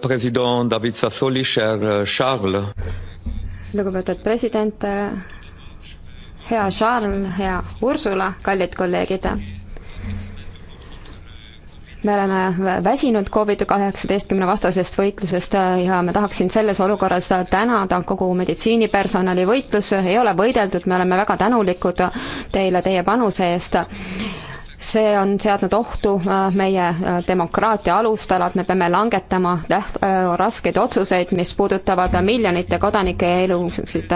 president David Sassoli, cher euh, Charles. lugupeetud president, hea Charles, hea Ursula, kallid kolleegid. me oleme väsinud Covid kaheksateistkümne vastasest võitlusest äh, ja ma tahaksin selles olukorras tänada kogu meditsiinipersonali, võitlus ei ole võideldud, me oleme väga tänulikud teile teie panuse eest see on seadnud ohtu äh, meie äh, demokraatia alustalad, me peame langetama täht-, äh, raskeid otsuseid, mis puudutavad miljonite kodanike elusid.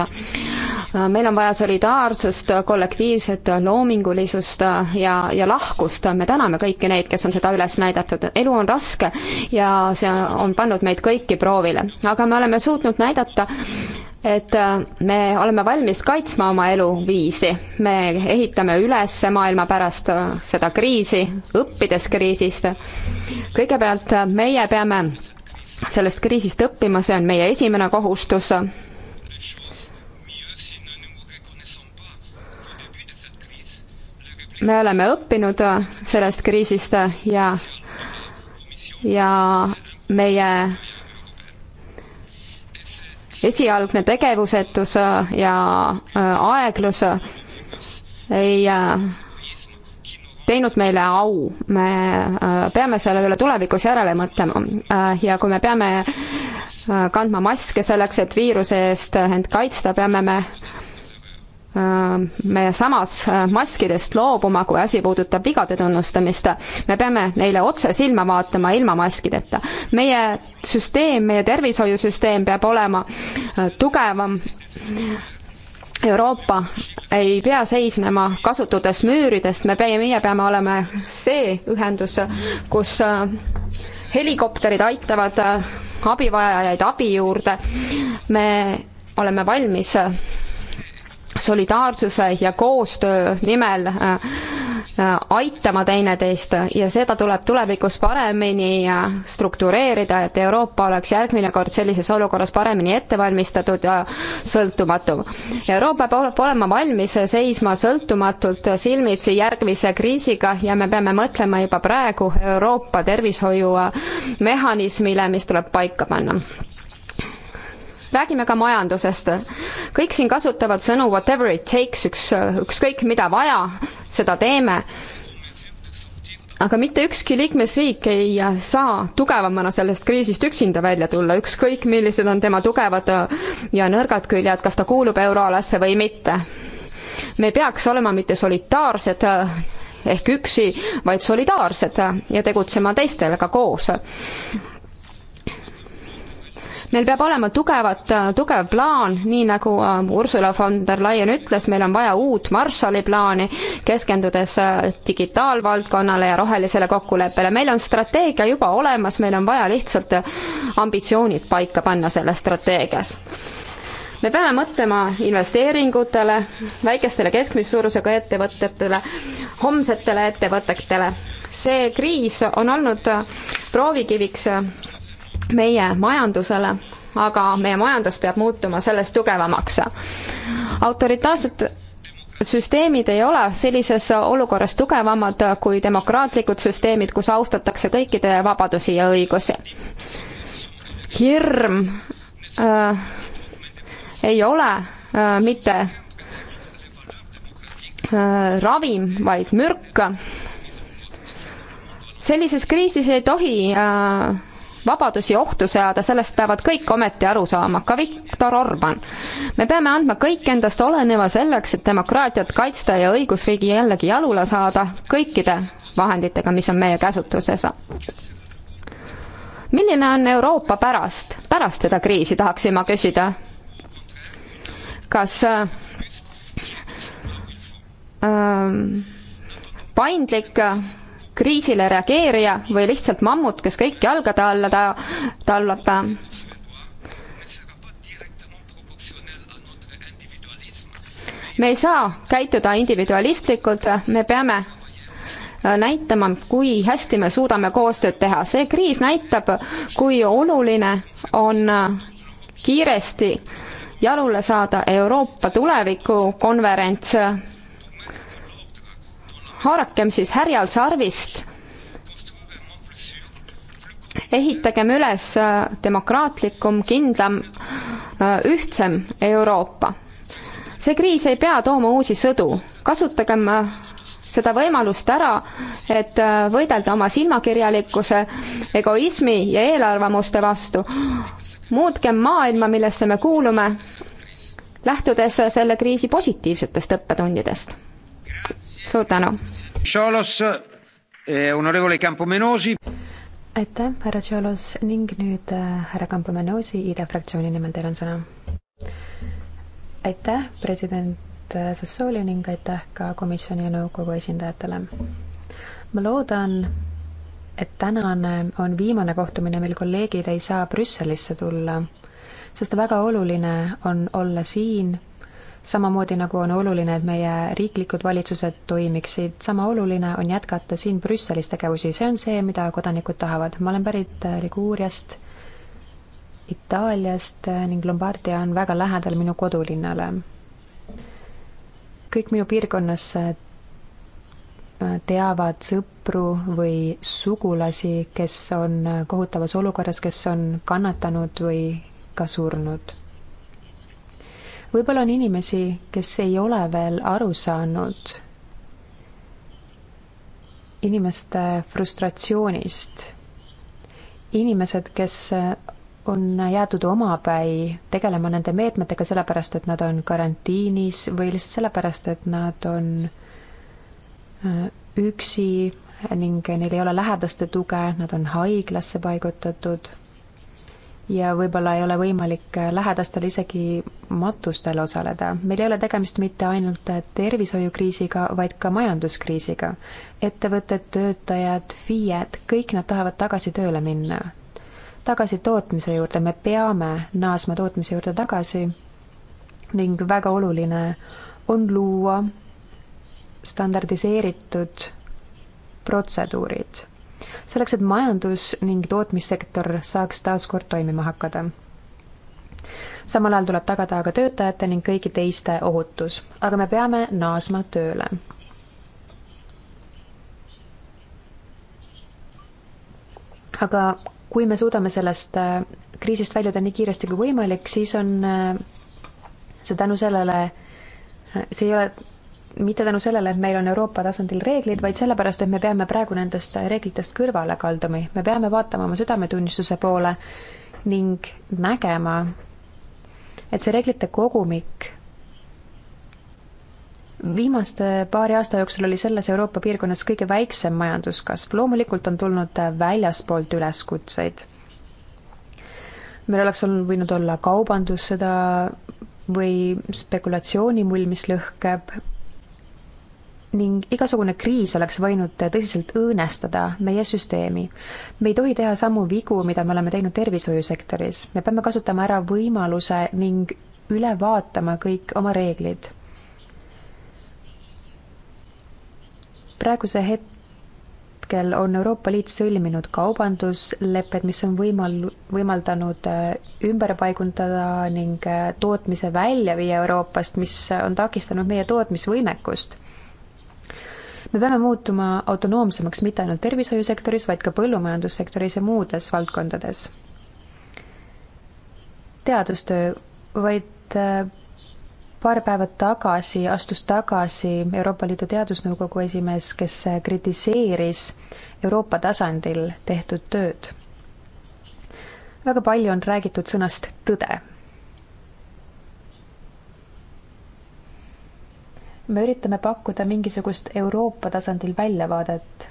meil on vaja solidaarsust, kollektiivset loomingulisust ja, ja lahkust, me täname kõiki neid, kes on seda üles näidatud, elu on raske ja see on pannud meid kõiki proovile, aga me oleme suutnud näidata, et äh, me oleme valmis kaitsma oma eluviisi, me ehitame üles maailma pärast äh, seda kriisi, õppides kriisist. kõigepealt äh, meie peame sellest kriisist õppima, see on meie esimene kohustus. me oleme õppinud sellest kriisist ja, ja meie esialgne tegevusetus äh, ja äh, aeglus äh, ei teinud meile au, me peame selle üle tulevikus järele mõtlema ja kui me peame kandma maske selleks, et viiruse eest end kaitsta, peame me me samas äh, maskidest loobuma, kui asi puudutab vigade tunnustamist. me peame neile otse silma vaatama ilma maskideta. meie süsteem, meie tervishoiusüsteem peab olema äh, tugevam. Euroopa ei pea seisnema kasutades müüridest, me peame, meie peame olema see ühendus, kus äh, helikopterid aitavad abivajajaid abi juurde. me oleme valmis solidaarsuse ja koostöö nimel äh, äh, aitama teineteist ja seda tuleb tulevikus paremini äh, struktureerida, et Euroopa oleks järgmine kord sellises olukorras paremini ettevalmistatud ja sõltumatu. Euroopa peab olema valmis seisma sõltumatult silmitsi järgmise kriisiga ja me peame mõtlema juba praegu Euroopa tervishoiumehhanismile, mis tuleb paika panna räägime ka majandusest. kõik siin kasutavad sõnu whatever it takes, üks, ükskõik mida vaja, seda teeme aga mitte ükski liikmesriik ei saa tugevamana sellest kriisist üksinda välja tulla, ükskõik millised on tema tugevad ja nõrgad küljed, kas ta kuulub euroalasse või mitte. me peaks olema mitte solitaarsed ehk üksi, vaid solidaarsed ja tegutsema teistega koos meil peab olema tugevat, äh, tugev plaan, nii nagu äh, Ursula von der Leyen ütles, meil on vaja uut Marshalli plaani, keskendudes äh, digitaalvaldkonnale ja rohelisele kokkuleppele. meil on strateegia juba olemas, meil on vaja lihtsalt ambitsioonid paika panna selles strateegias me peame mõtlema investeeringutele, väikestele keskmise suurusega ettevõtetele, homsetele ettevõtetele. see kriis on olnud proovikiviks meie majandusele, aga meie majandus peab muutuma sellest tugevamaks. autoritaarsed süsteemid ei ole sellises olukorras tugevamad kui demokraatlikud süsteemid, kus austatakse kõikide vabadusi ja õigusi. hirm äh, ei ole äh, mitte äh, ravim, vaid mürk. sellises kriisis ei tohi äh, vabadusi ohtu seada, sellest peavad kõik ometi aru saama, ka Viktor Orban. me peame andma kõik endast oleneva selleks, et demokraatiat kaitsta ja õigusriigi jällegi jalule saada kõikide vahenditega, mis on meie käsutuses milline on Euroopa pärast, pärast seda kriisi, tahaksin ma küsida. kas äh, ähm, paindlik kriisile reageerija või lihtsalt mammut, kes kõiki jalgade alla ta tallab. me ei saa käituda individualistlikult, me peame äh, näitama, kui hästi me suudame koostööd teha. see kriis näitab, kui oluline on äh, kiiresti jalule saada Euroopa tulevikukonverents haarakem siis härjal sarvist, ehitagem üles äh, demokraatlikum, kindlam, äh, ühtsem Euroopa. see kriis ei pea tooma uusi sõdu, kasutagem äh, seda võimalust ära, et võidelda oma silmakirjalikkuse, egoismi ja eelarvamuste vastu. muutkem maailma, millesse me kuulume, lähtudes selle kriisi positiivsetest õppetundidest suur tänu. Eh, aitäh, härra Tšolos ning nüüd eh, härra Kampomenosi IDE fraktsiooni nimel teil on sõna. aitäh, president eh, Sassoli ning aitäh ka komisjoni ja nõukogu esindajatele. ma loodan, et tänane on viimane kohtumine, mil kolleegid ei saa Brüsselisse tulla, sest väga oluline on olla siin samamoodi nagu on oluline, et meie riiklikud valitsused toimiksid, sama oluline on jätkata siin Brüsselis tegevusi, see on see, mida kodanikud tahavad. ma olen pärit Liguuriast, Itaaliast ning Lombardia on väga lähedal minu kodulinnale. kõik minu piirkonnas äh, teavad sõpru või sugulasi, kes on kohutavas olukorras, kes on kannatanud või ka surnud võib-olla on inimesi, kes ei ole veel aru saanud inimeste frustratsioonist. inimesed, kes on jäetud omapäi tegelema nende meetmetega sellepärast, et nad on karantiinis või lihtsalt sellepärast, et nad on äh, üksi ning neil ei ole lähedaste tuge, nad on haiglasse paigutatud ja võib-olla ei ole võimalik lähedastel isegi matustel osaleda. meil ei ole tegemist mitte ainult tervishoiukriisiga, vaid ka majanduskriisiga. ettevõtted, töötajad, FIE-d, kõik nad tahavad tagasi tööle minna. tagasi tootmise juurde, me peame naasma tootmise juurde tagasi ning väga oluline on luua standardiseeritud protseduurid selleks et majandus ning tootmissektor saaks taas kord toimima hakata. samal ajal tuleb tagada aga töötajate ning kõigi teiste ohutus, aga me peame naasma tööle. aga kui me suudame sellest äh, kriisist väljuda nii kiiresti kui võimalik, siis on äh, see tänu sellele, äh, see ei ole mitte tänu sellele, et meil on Euroopa tasandil reeglid, vaid sellepärast, et me peame praegu nendest reeglitest kõrvale kalduma. me peame vaatama oma südametunnistuse poole ning nägema, et see reeglite kogumik viimaste paari aasta jooksul oli selles Euroopa piirkonnas kõige väiksem majanduskasv, loomulikult on tulnud väljaspoolt üleskutseid. meil oleks olnud, võinud olla kaubandussõda või spekulatsioonimull, mis lõhkeb, ning igasugune kriis oleks võinud tõsiselt õõnestada meie süsteemi. me ei tohi teha samu vigu, mida me oleme teinud tervishoiusektoris, me peame kasutama ära võimaluse ning üle vaatama kõik oma reeglid praeguse hetkel on Euroopa Liit sõlminud kaubanduslepped, mis on võimal-, võimaldanud äh, ümber paigundada ning äh, tootmise välja viia Euroopast, mis on takistanud meie tootmisvõimekust me peame muutuma autonoomsemaks mitte ainult tervishoiusektoris, vaid ka põllumajandussektoris ja muudes valdkondades. teadustöö, vaid äh, paar päeva tagasi astus tagasi Euroopa Liidu Teadusnõukogu esimees, kes äh, kritiseeris Euroopa tasandil tehtud tööd. väga palju on räägitud sõnast tõde me üritame pakkuda mingisugust Euroopa tasandil väljavaadet.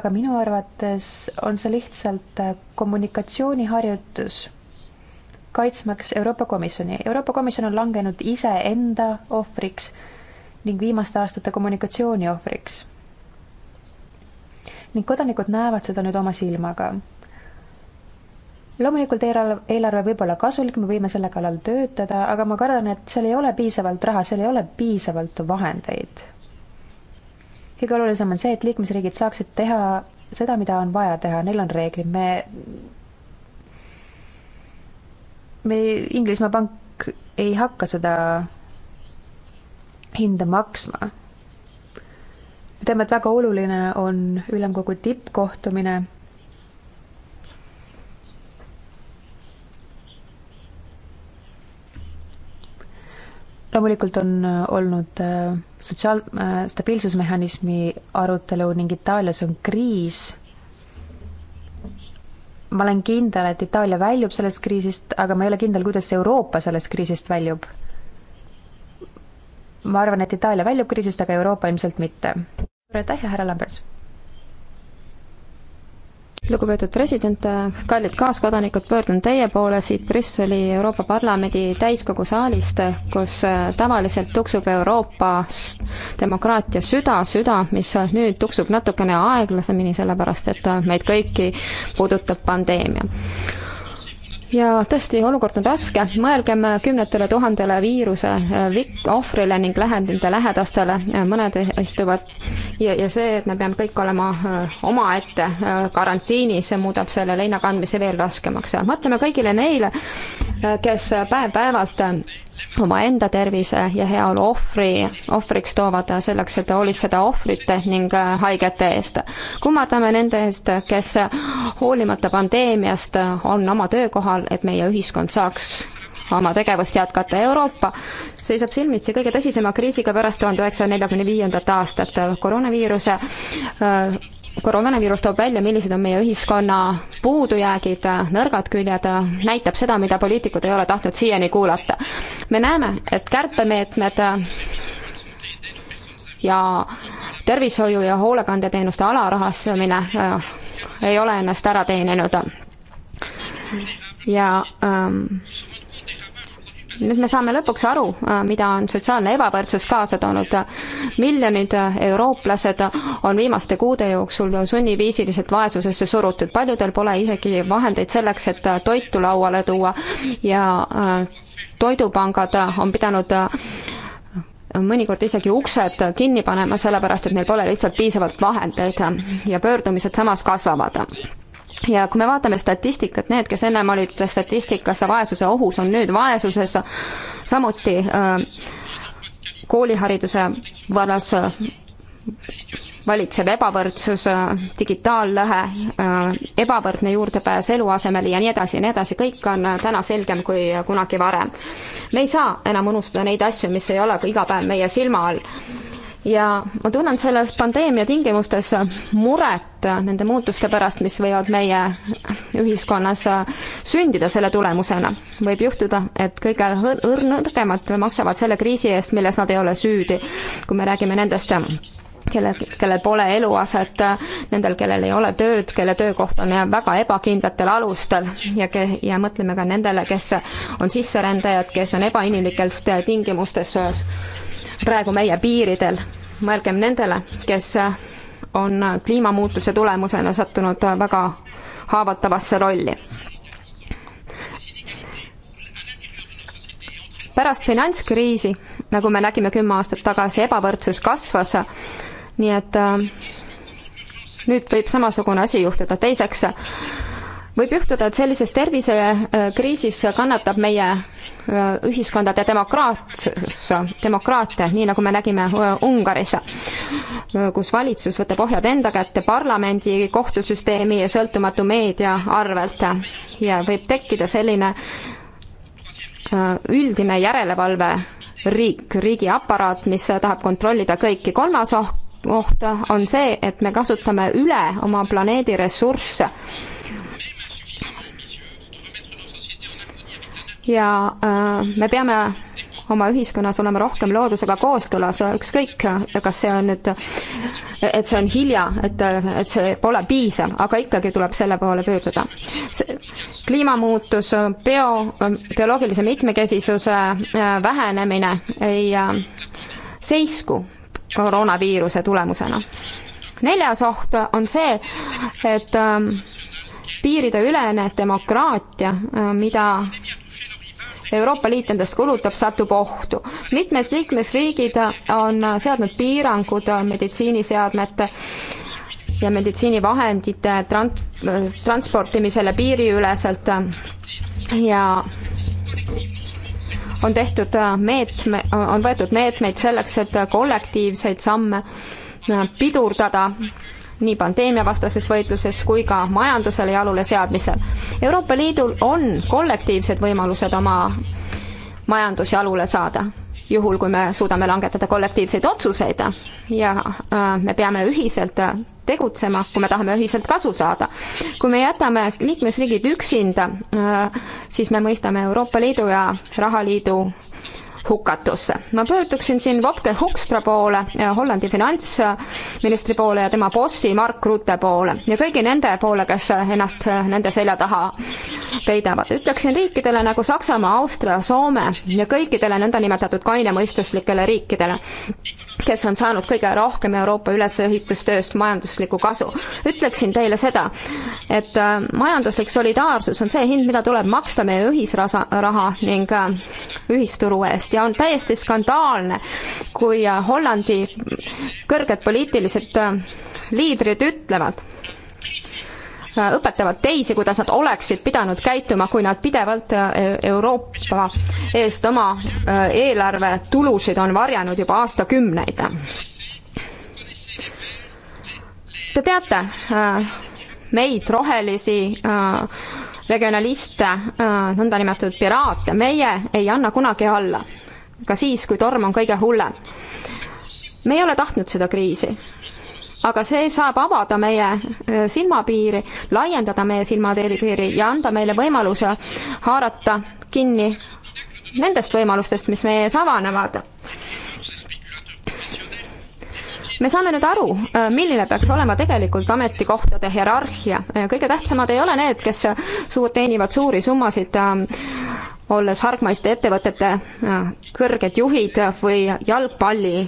aga minu arvates on see lihtsalt kommunikatsiooniharjutus, kaitsmaks Euroopa Komisjoni. Euroopa Komisjon on langenud iseenda ohvriks ning viimaste aastate kommunikatsiooni ohvriks. ning kodanikud näevad seda nüüd oma silmaga loomulikult eelarve, eelarve võib olla kasulik, me võime selle kallal töötada, aga ma kardan, et seal ei ole piisavalt raha, seal ei ole piisavalt vahendeid. kõige olulisem on see, et liikmesriigid saaksid teha seda, mida on vaja teha, neil on reeglid, me me, Inglismaa pank ei hakka seda hinda maksma. me teame, et väga oluline on ülemkogu tippkohtumine loomulikult on äh, olnud äh, sotsiaal-, äh, stabiilsusmehhanismi arutelu ning Itaalias on kriis. ma olen kindel, et Itaalia väljub sellest kriisist, aga ma ei ole kindel, kuidas Euroopa sellest kriisist väljub. ma arvan, et Itaalia väljub kriisist, aga Euroopa ilmselt mitte. aitäh ja härra Lambers! lugupeetud president, kallid kaaskodanikud, pöördun teie poole siit Brüsseli Euroopa Parlamendi täiskogu saalist, kus äh, tavaliselt tuksub Euroopa demokraatia süda, süda, mis nüüd tuksub natukene aeglasemini, sellepärast et meid kõiki puudutab pandeemia ja tõesti, olukord on raske, mõelgem kümnetele tuhandele viiruse äh, ohvrile ning lähendite lähedastele, äh, mõned istuvad ja, ja see, et me peame kõik olema äh, omaette karantiinis, muudab selle leina kandmise veel raskemaks. mõtleme kõigile neile, kes päev-päevalt omaenda tervise ja heaolu ohvri, ohvriks toovad selleks, et hoolitseda ohvrite ning äh, haigete eest. kummardame nende eest, kes hoolimata pandeemiast on oma töökohal, et meie ühiskond saaks oma tegevust jätkata. Euroopa seisab silmitsi kõige tõsisema kriisiga pärast tuhande üheksasaja neljakümne viiendat aastat. koroonaviiruse äh, koroonaviirus toob välja, millised on meie ühiskonna puudujäägid, nõrgad küljed, näitab seda, mida poliitikud ei ole tahtnud siiani kuulata. me näeme, et kärpemeetmed ja tervishoiu ja hoolekandeteenuste alarahastamine äh, ei ole ennast ära teeninud. ja ähm, nüüd me saame lõpuks aru, äh, mida on sotsiaalne ebavõrdsus kaasa toonud. miljonid äh, eurooplased on viimaste kuude jooksul sunniviisiliselt vaesusesse surutud, paljudel pole isegi vahendeid selleks, et äh, toitu lauale tuua ja toidupangad on pidanud mõnikord isegi uksed kinni panema, sellepärast et neil pole lihtsalt piisavalt vahendeid ja pöördumised samas kasvavad ja kui me vaatame statistikat, need, kes ennem olid statistikasse vaesuse ohus, on nüüd vaesuses, samuti äh, koolihariduse vallas äh, valitsev ebavõrdsus, äh, digitaallõhe, ebavõrdne juurdepääs eluasemele ja nii edasi ja nii edasi, kõik on täna selgem kui kunagi varem. me ei saa enam unustada neid asju, mis ei ole iga päev meie silma all ja ma tunnen selles pandeemia tingimustes muret nende muutuste pärast, mis võivad meie ühiskonnas sündida selle tulemusena. võib juhtuda, et kõige nõrgemad maksavad selle kriisi eest, milles nad ei ole süüdi, kui me räägime nendest kelle, kellel pole eluaset, nendel, kellel ei ole tööd, kelle töökoht on väga ebakindlatel alustel ja ke-, ja mõtleme ka nendele, kes on sisserändajad, kes on ebainimlikes tingimustes praegu meie piiridel. mõelgem nendele, kes on kliimamuutuse tulemusena sattunud väga haavatavasse rolli. pärast finantskriisi, nagu me nägime kümme aastat tagasi, ebavõrdsus kasvas, nii et äh, nüüd võib samasugune asi juhtuda, teiseks võib juhtuda, et sellises tervisekriisis kannatab meie äh, ühiskondade demokraat, demokraatia, nii nagu me nägime äh, Ungaris, äh, kus valitsus võtab ohjad enda kätte parlamendi, kohtusüsteemi ja sõltumatu meedia arvelt ja võib tekkida selline üldine järelevalve riik, riigiaparaat, mis tahab kontrollida kõiki. kolmas oht on see, et me kasutame üle oma planeedi ressursse ja äh, me peame oma ühiskonnas olema rohkem loodusega kooskõlas, ükskõik, kas see on nüüd, et see on hilja, et, et see pole piisav, aga ikkagi tuleb selle poole pöörduda. kliimamuutus, bio, bioloogilise mitmekesisuse äh, vähenemine ei äh, seisku koroonaviiruse tulemusena. neljas oht on see, et piirideülene demokraatia, mida Euroopa Liit endast kulutab, satub ohtu. mitmed liikmesriigid on seadnud piirangud meditsiiniseadmete ja meditsiinivahendite trans-, transportimisele piiriüleselt ja on tehtud meetme, on võetud meetmeid selleks, et kollektiivseid samme pidurdada nii pandeemiavastases võitluses kui ka majandusele jalule seadmisel. Euroopa Liidul on kollektiivsed võimalused oma majandus jalule saada juhul, kui me suudame langetada kollektiivseid otsuseid ja äh, me peame ühiselt tegutsema, kui me tahame ühiselt kasu saada. kui me jätame liikmesriigid üksinda, äh, siis me mõistame Euroopa Liidu ja rahaliidu hukatusse. ma pöörduksin siin Wopke Hoekstra poole, Hollandi finantsministri poole ja tema bossi Mark Rutte poole ja kõigi nende poole, kes ennast nende selja taha peidavad. ütleksin riikidele nagu Saksamaa, Austria, Soome ja kõikidele nõndanimetatud kainemõistuslikele riikidele, kes on saanud kõige rohkem Euroopa ülesehitustööst majanduslikku kasu. ütleksin teile seda, et äh, majanduslik solidaarsus on see hind, mida tuleb maksta meie ühisraha ning äh, ühisturu eest eest ja on täiesti skandaalne, kui äh, Hollandi kõrged poliitilised äh, liidrid ütlevad, äh, õpetavad teisi, kuidas nad oleksid pidanud käituma, kui nad pidevalt e-, Euroopa eest oma eelarve tulusid on varjanud juba aastakümneid. Te teate meid, rohelisi, regionaliste, nõndanimetatud piraate, meie ei anna kunagi alla ka siis, kui torm on kõige hullem. me ei ole tahtnud seda kriisi, aga see saab avada meie äh, silmapiiri, laiendada meie silmapiiri ja anda meile võimaluse haarata kinni nendest võimalustest, mis meie ees avanevad me saame nüüd aru, äh, milline peaks olema tegelikult ametikohtade hierarhia. Äh, kõige tähtsamad ei ole need, kes suur, teenivad suuri summasid ähm, olles hargmaiste ettevõtete äh, kõrged juhid või jalgpalli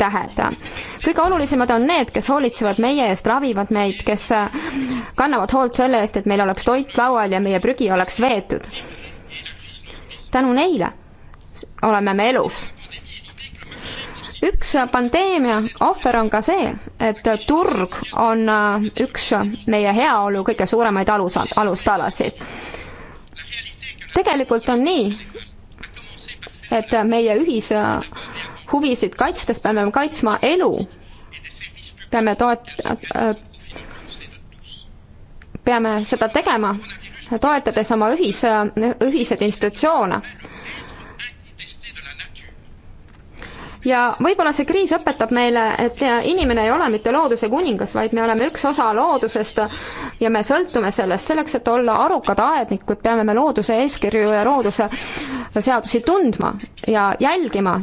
tähed. kõige olulisemad on need, kes hoolitsevad meie eest, ravivad meid, kes äh, kannavad hoolt selle eest, et meil oleks toit laual ja meie prügi oleks veetud. tänu neile oleme me elus. üks pandeemia ohver on ka see, et turg on äh, üks meie heaolu kõige suuremaid alus, alustalasid tegelikult on nii, et meie ühise huvisid kaitstes peame kaitsma elu, peame toet-, peame seda tegema, toetades oma ühis, ühiseid institutsioone ja võib-olla see kriis õpetab meile, et inimene ei ole mitte looduse kuningas, vaid me oleme üks osa loodusest ja me sõltume sellest. selleks, et olla arukad aednikud, peame me looduse eeskirju ja looduse seadusi tundma ja jälgima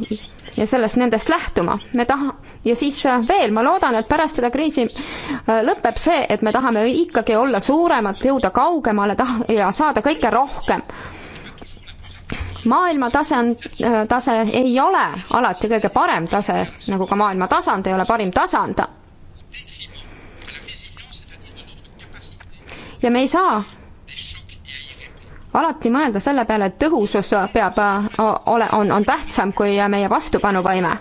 ja sellest, nendest lähtuma. me taha-, ja siis veel, ma loodan, et pärast seda kriisi äh, lõpeb see, et me tahame ikkagi olla suuremad, jõuda kaugemale, tah-, ja saada kõike rohkem maailma tasand, äh, tase ei ole alati kõige parem tase, nagu ka maailma tasand ei ole parim tasand. ja me ei saa alati mõelda selle peale, et tõhusus peab, äh, ole, on, on tähtsam kui meie vastupanuvõime.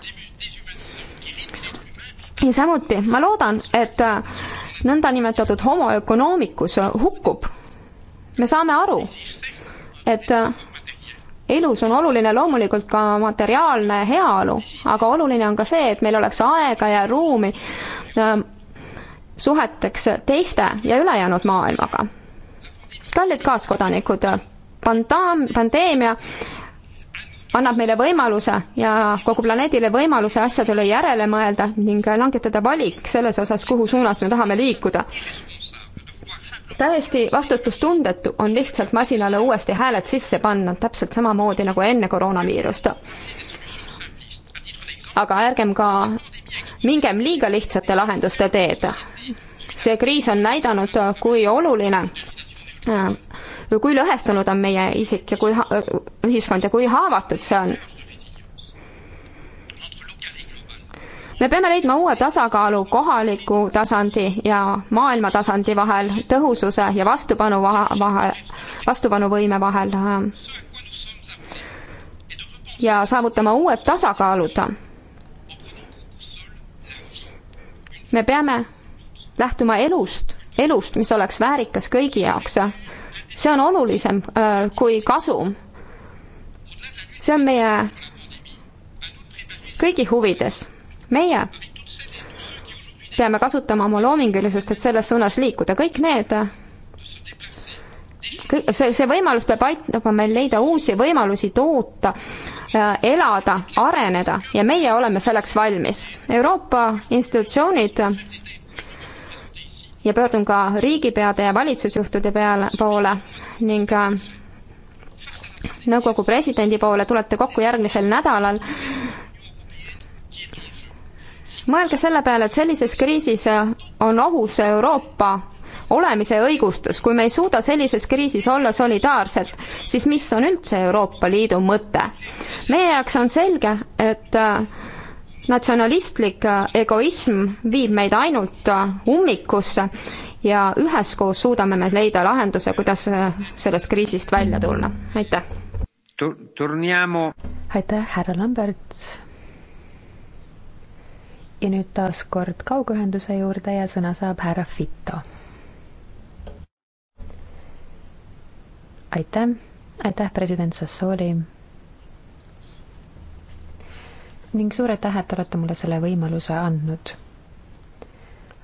ja samuti ma loodan, et äh, nõndanimetatud homo ökonoomikus hukkub. me saame aru, et elus on oluline loomulikult ka materiaalne heaolu, aga oluline on ka see, et meil oleks aega ja ruumi ähm, suheteks teiste ja ülejäänud maailmaga. kallid kaaskodanikud, pandaam-, pandeemia annab meile võimaluse ja kogu planeedile võimaluse asjadele järele mõelda ning langetada valik selles osas, kuhu suunas me tahame liikuda täiesti vastutustundetu on lihtsalt masinale uuesti hääled sisse panna, täpselt samamoodi nagu enne koroonaviirust. aga ärgem ka mingem liiga lihtsate lahenduste teed. see kriis on näidanud, kui oluline äh, kui lõhestunud on meie isik ja kui ühiskond ja kui haavatud see on me peame leidma uue tasakaalu kohaliku tasandi ja maailma tasandi vahel, tõhususe ja vastupanu vahe, vahe, vastupanuvõime vahel. ja saavutama uued tasakaalud. me peame lähtuma elust, elust, mis oleks väärikas kõigi jaoks. see on olulisem äh, kui kasum. see on meie kõigi huvides meie peame kasutama oma loomingulisust, et selles suunas liikuda, kõik need kõik, see, see võimalus peab aitama meil leida uusi võimalusi toota, äh, elada, areneda ja meie oleme selleks valmis. Euroopa institutsioonid ja pöördun ka riigipeade ja valitsusjuhtide peale, poole ning äh, nõukogu presidendi poole, tulete kokku järgmisel nädalal mõelge selle peale, et sellises kriisis äh, on ohus Euroopa olemise õigustus, kui me ei suuda sellises kriisis olla solidaarsed, siis mis on üldse Euroopa Liidu mõte? meie jaoks on selge, et äh, natsionalistlik äh, egoism viib meid ainult ummikusse ja üheskoos suudame me leida lahenduse, kuidas sellest kriisist välja tulla. aitäh! Torniamo. aitäh, härra Lambert ja nüüd taas kord kaugühenduse juurde ja sõna saab härra Fitto. aitäh, aitäh, president Sassoli. ning suur aitäh, et olete mulle selle võimaluse andnud.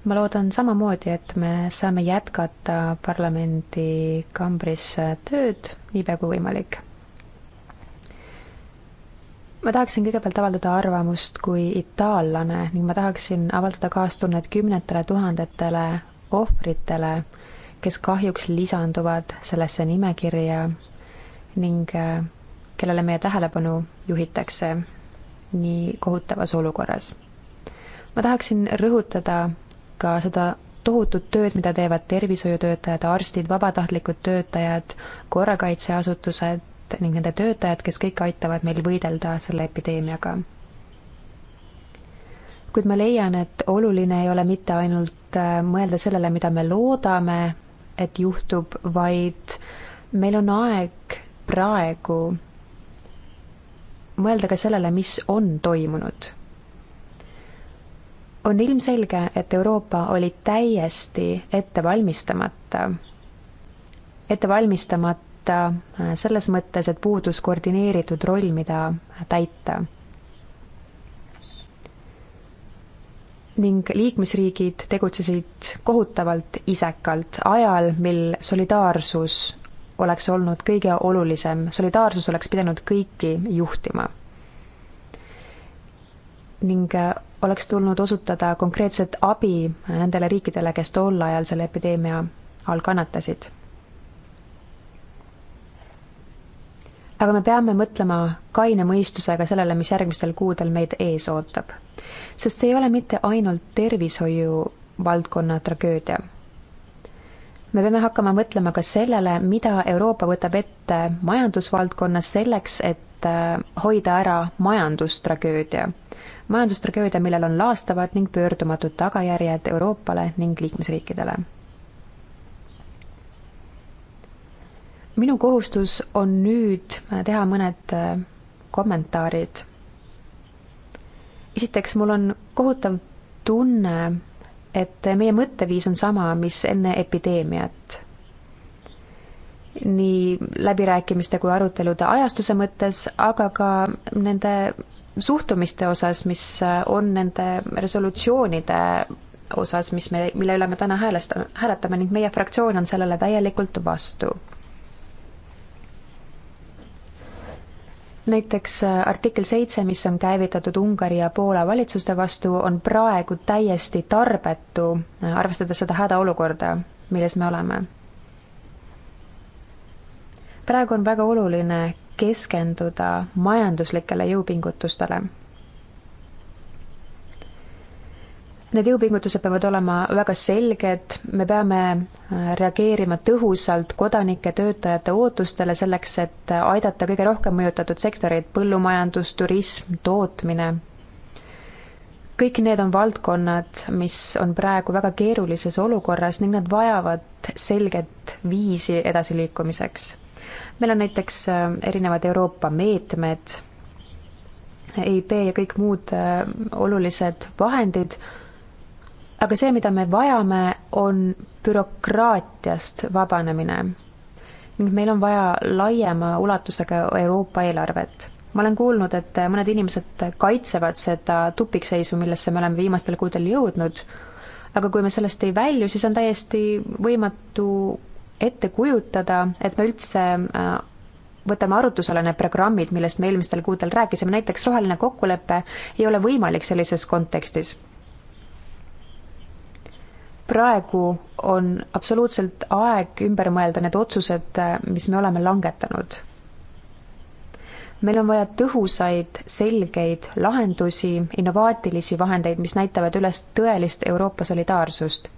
ma loodan samamoodi, et me saame jätkata parlamendi kambris tööd niipea kui võimalik ma tahaksin kõigepealt avaldada arvamust kui itaallane ning ma tahaksin avaldada kaastunnet kümnetele tuhandetele ohvritele, kes kahjuks lisanduvad sellesse nimekirja ning äh, kellele meie tähelepanu juhitakse nii kohutavas olukorras. ma tahaksin rõhutada ka seda tohutut tööd, mida teevad tervishoiutöötajad, arstid, vabatahtlikud töötajad, korrakaitseasutused, inimesed ning nende töötajad, kes kõik aitavad meil võidelda selle epideemiaga. kuid ma leian, et oluline ei ole mitte ainult äh, mõelda sellele, mida me loodame, et juhtub, vaid meil on aeg praegu mõelda ka sellele, mis on toimunud. on ilmselge, et Euroopa oli täiesti ette valmistamata, ette valmistamata võita äh, selles mõttes, et puudus koordineeritud roll, mida täita. ning liikmesriigid tegutsesid kohutavalt isekalt ajal, mil solidaarsus oleks olnud kõige olulisem, solidaarsus oleks pidanud kõiki juhtima. ning äh, oleks tulnud osutada konkreetset abi äh, nendele riikidele, kes tol ajal selle epideemia all kannatasid aga me peame mõtlema kaine mõistusega sellele, mis järgmistel kuudel meid ees ootab. sest see ei ole mitte ainult tervishoiu valdkonna tragöödia. me peame hakkama mõtlema ka sellele, mida Euroopa võtab ette majandusvaldkonnas selleks, et äh, hoida ära majandustragöödia. majandustragöödia, millel on laastavad ning pöördumatud tagajärjed Euroopale ning liikmesriikidele minu kohustus on nüüd äh, teha mõned äh, kommentaarid. esiteks, mul on kohutav tunne, et meie mõtteviis on sama, mis enne epideemiat. nii läbirääkimiste kui arutelude ajastuse mõttes, aga ka nende suhtumiste osas, mis äh, on nende resolutsioonide osas, mis me, mille üle me täna häälestame, hääletame ning meie fraktsioon on sellele täielikult vastu näiteks äh, artikkel seitse, mis on käivitatud Ungari ja Poola valitsuste vastu, on praegu täiesti tarbetu, äh, arvestades seda hädaolukorda, milles me oleme. praegu on väga oluline keskenduda majanduslikele jõupingutustele Need jõupingutused peavad olema väga selged, me peame äh, reageerima tõhusalt kodanike, töötajate ootustele selleks, et aidata kõige rohkem mõjutatud sektoreid, põllumajandus, turism, tootmine. kõik need on valdkonnad, mis on praegu väga keerulises olukorras ning nad vajavad selget viisi edasiliikumiseks. meil on näiteks äh, erinevad Euroopa meetmed, EIB ja kõik muud äh, olulised vahendid aga see, mida me vajame, on bürokraatiast vabanemine ning meil on vaja laiema ulatusega Euroopa eelarvet ma olen kuulnud, et mõned inimesed kaitsevad seda tupikseisu, millesse me oleme viimastel kuudel jõudnud, aga kui me sellest ei välju, siis on täiesti võimatu ette kujutada, et me üldse äh, võtame arutusele need programmid, millest me eelmistel kuudel rääkisime, näiteks roheline kokkulepe ei ole võimalik sellises kontekstis praegu on absoluutselt aeg ümber mõelda need otsused, äh, mis me oleme langetanud. meil on vaja tõhusaid, selgeid lahendusi, innovaatilisi vahendeid, mis näitavad üles tõelist Euroopa solidaarsust.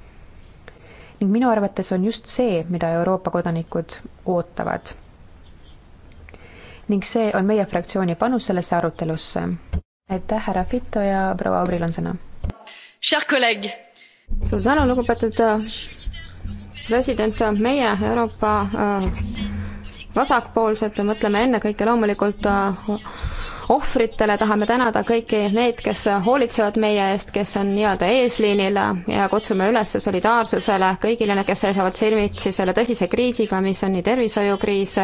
ning minu arvates on just see, mida Euroopa kodanikud ootavad. ning see on meie fraktsiooni panus sellesse arutelusse. aitäh, härra Fitto ja proua Auril on sõna. Chers collègues, suur tänu, lugupeetud äh, president, meie Euroopa äh, vasakpoolsed mõtleme ennekõike loomulikult äh, ohvritele, tahame tänada kõiki neid, kes hoolitsevad meie eest, kes on nii-öelda eesliinil ja kutsume üles solidaarsusele kõigile, kes seisavad silmitsi selle tõsise kriisiga, mis on nii tervishoiukriis,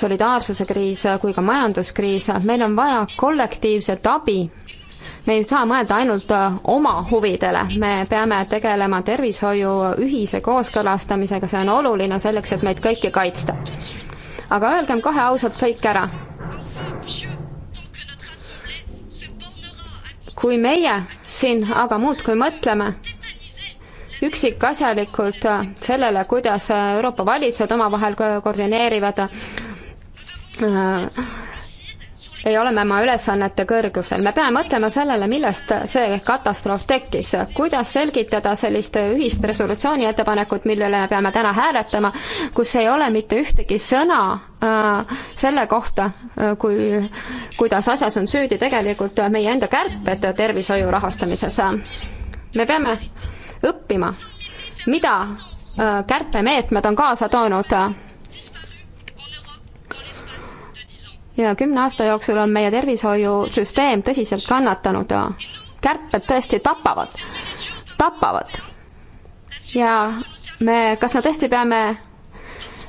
solidaarsuse kriis kui ka majanduskriis, meil on vaja kollektiivset abi me ei saa mõelda ainult äh, oma huvidele, me peame tegelema tervishoiu ühise kooskõlastamisega, see on oluline selleks, et meid kõiki kaitsta. aga öelgem kohe ausalt kõik ära. kui meie siin aga muudkui mõtleme üksikasjalikult äh, sellele, kuidas äh, Euroopa valitsused omavahel koordineerivad ei ole me oma ülesannete kõrgusel. me peame mõtlema sellele, millest see katastroof tekkis. kuidas selgitada sellist ühist resolutsiooni ettepanekut, millele me peame täna hääletama, kus ei ole mitte ühtegi sõna äh, selle kohta, äh, kui, kuidas asjas on süüdi tegelikult meie enda kärped tervishoiu rahastamises. me peame õppima, mida äh, kärpemeetmed on kaasa toonud ja kümne aasta jooksul on meie tervishoiusüsteem tõsiselt kannatanud ja kärped tõesti tapavad, tapavad. ja me, kas me tõesti peame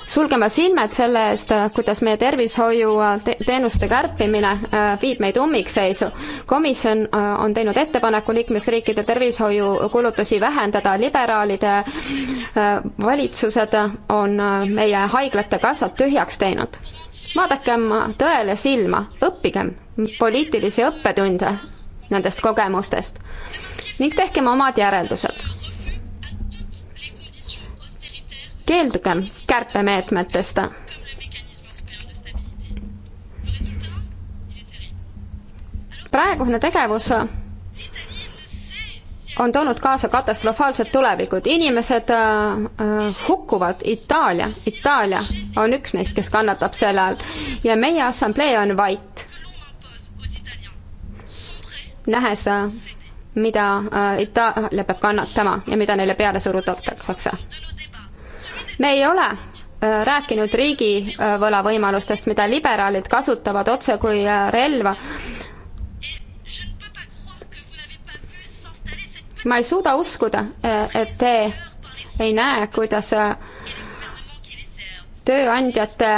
sulgema silmed selle eest, kuidas meie tervishoiuteenuste kärpimine äh, viib meid ummikseisu. komisjon äh, on teinud ettepaneku liikmesriikide tervishoiukulutusi vähendada, liberaalide äh, valitsused on meie haiglate kassad tühjaks teinud. vaadakem tõele silma, õppigem poliitilisi õppetunde nendest kogemustest ning tehkem omad järeldused keeldugem kärpemeetmetest. praegune tegevus on toonud kaasa katastrofaalsed tulevikud, inimesed äh, äh hukkuvad, Itaalia, Itaalia on üks neist, kes kannatab selle all ja meie assamblee on vait. nähes, äh, mida äh, Itaalia peab kannatama ja mida neile peale surutakse me ei ole äh, rääkinud riigivõla äh, võimalustest, mida liberaalid kasutavad otse kui äh, relva. ma ei suuda uskuda, et te ei näe, kuidas tööandjate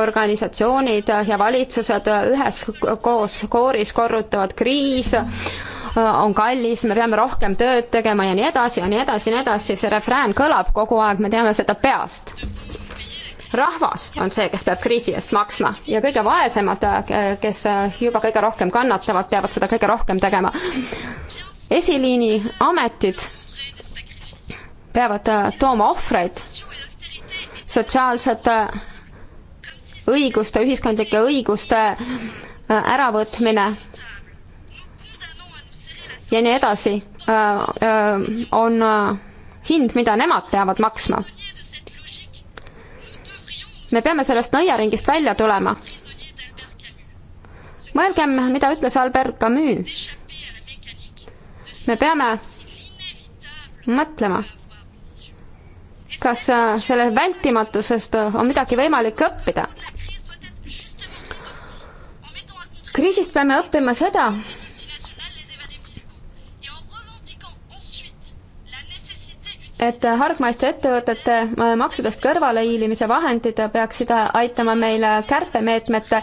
organisatsioonid ja valitsused üheskoos kooris korrutavad kriis mm., Äh, on kallis, me peame rohkem tööd tegema ja nii edasi ja nii edasi ja nii edasi, see refrään kõlab kogu aeg, me teame seda peast. rahvas on see, kes peab kriisi eest maksma ja kõige vaesemad, äh, kes äh, juba kõige rohkem kannatavad, peavad seda kõige rohkem tegema. esiliini ametid peavad tooma ohvreid, sotsiaalsete õiguste, ühiskondlike õiguste äravõtmine ja nii edasi, äh, äh, on äh, hind, mida nemad peavad maksma. me peame sellest nõiaringist välja tulema. mõelgem, mida ütles Albert Camus. me peame mõtlema, kas selle vältimatusest on midagi võimalik õppida. kriisist peame õppima seda, et hargmaiste ettevõtete äh, maksudest kõrvalehiilimise vahendid peaksid äh, aitama meil äh, kärpemeetmete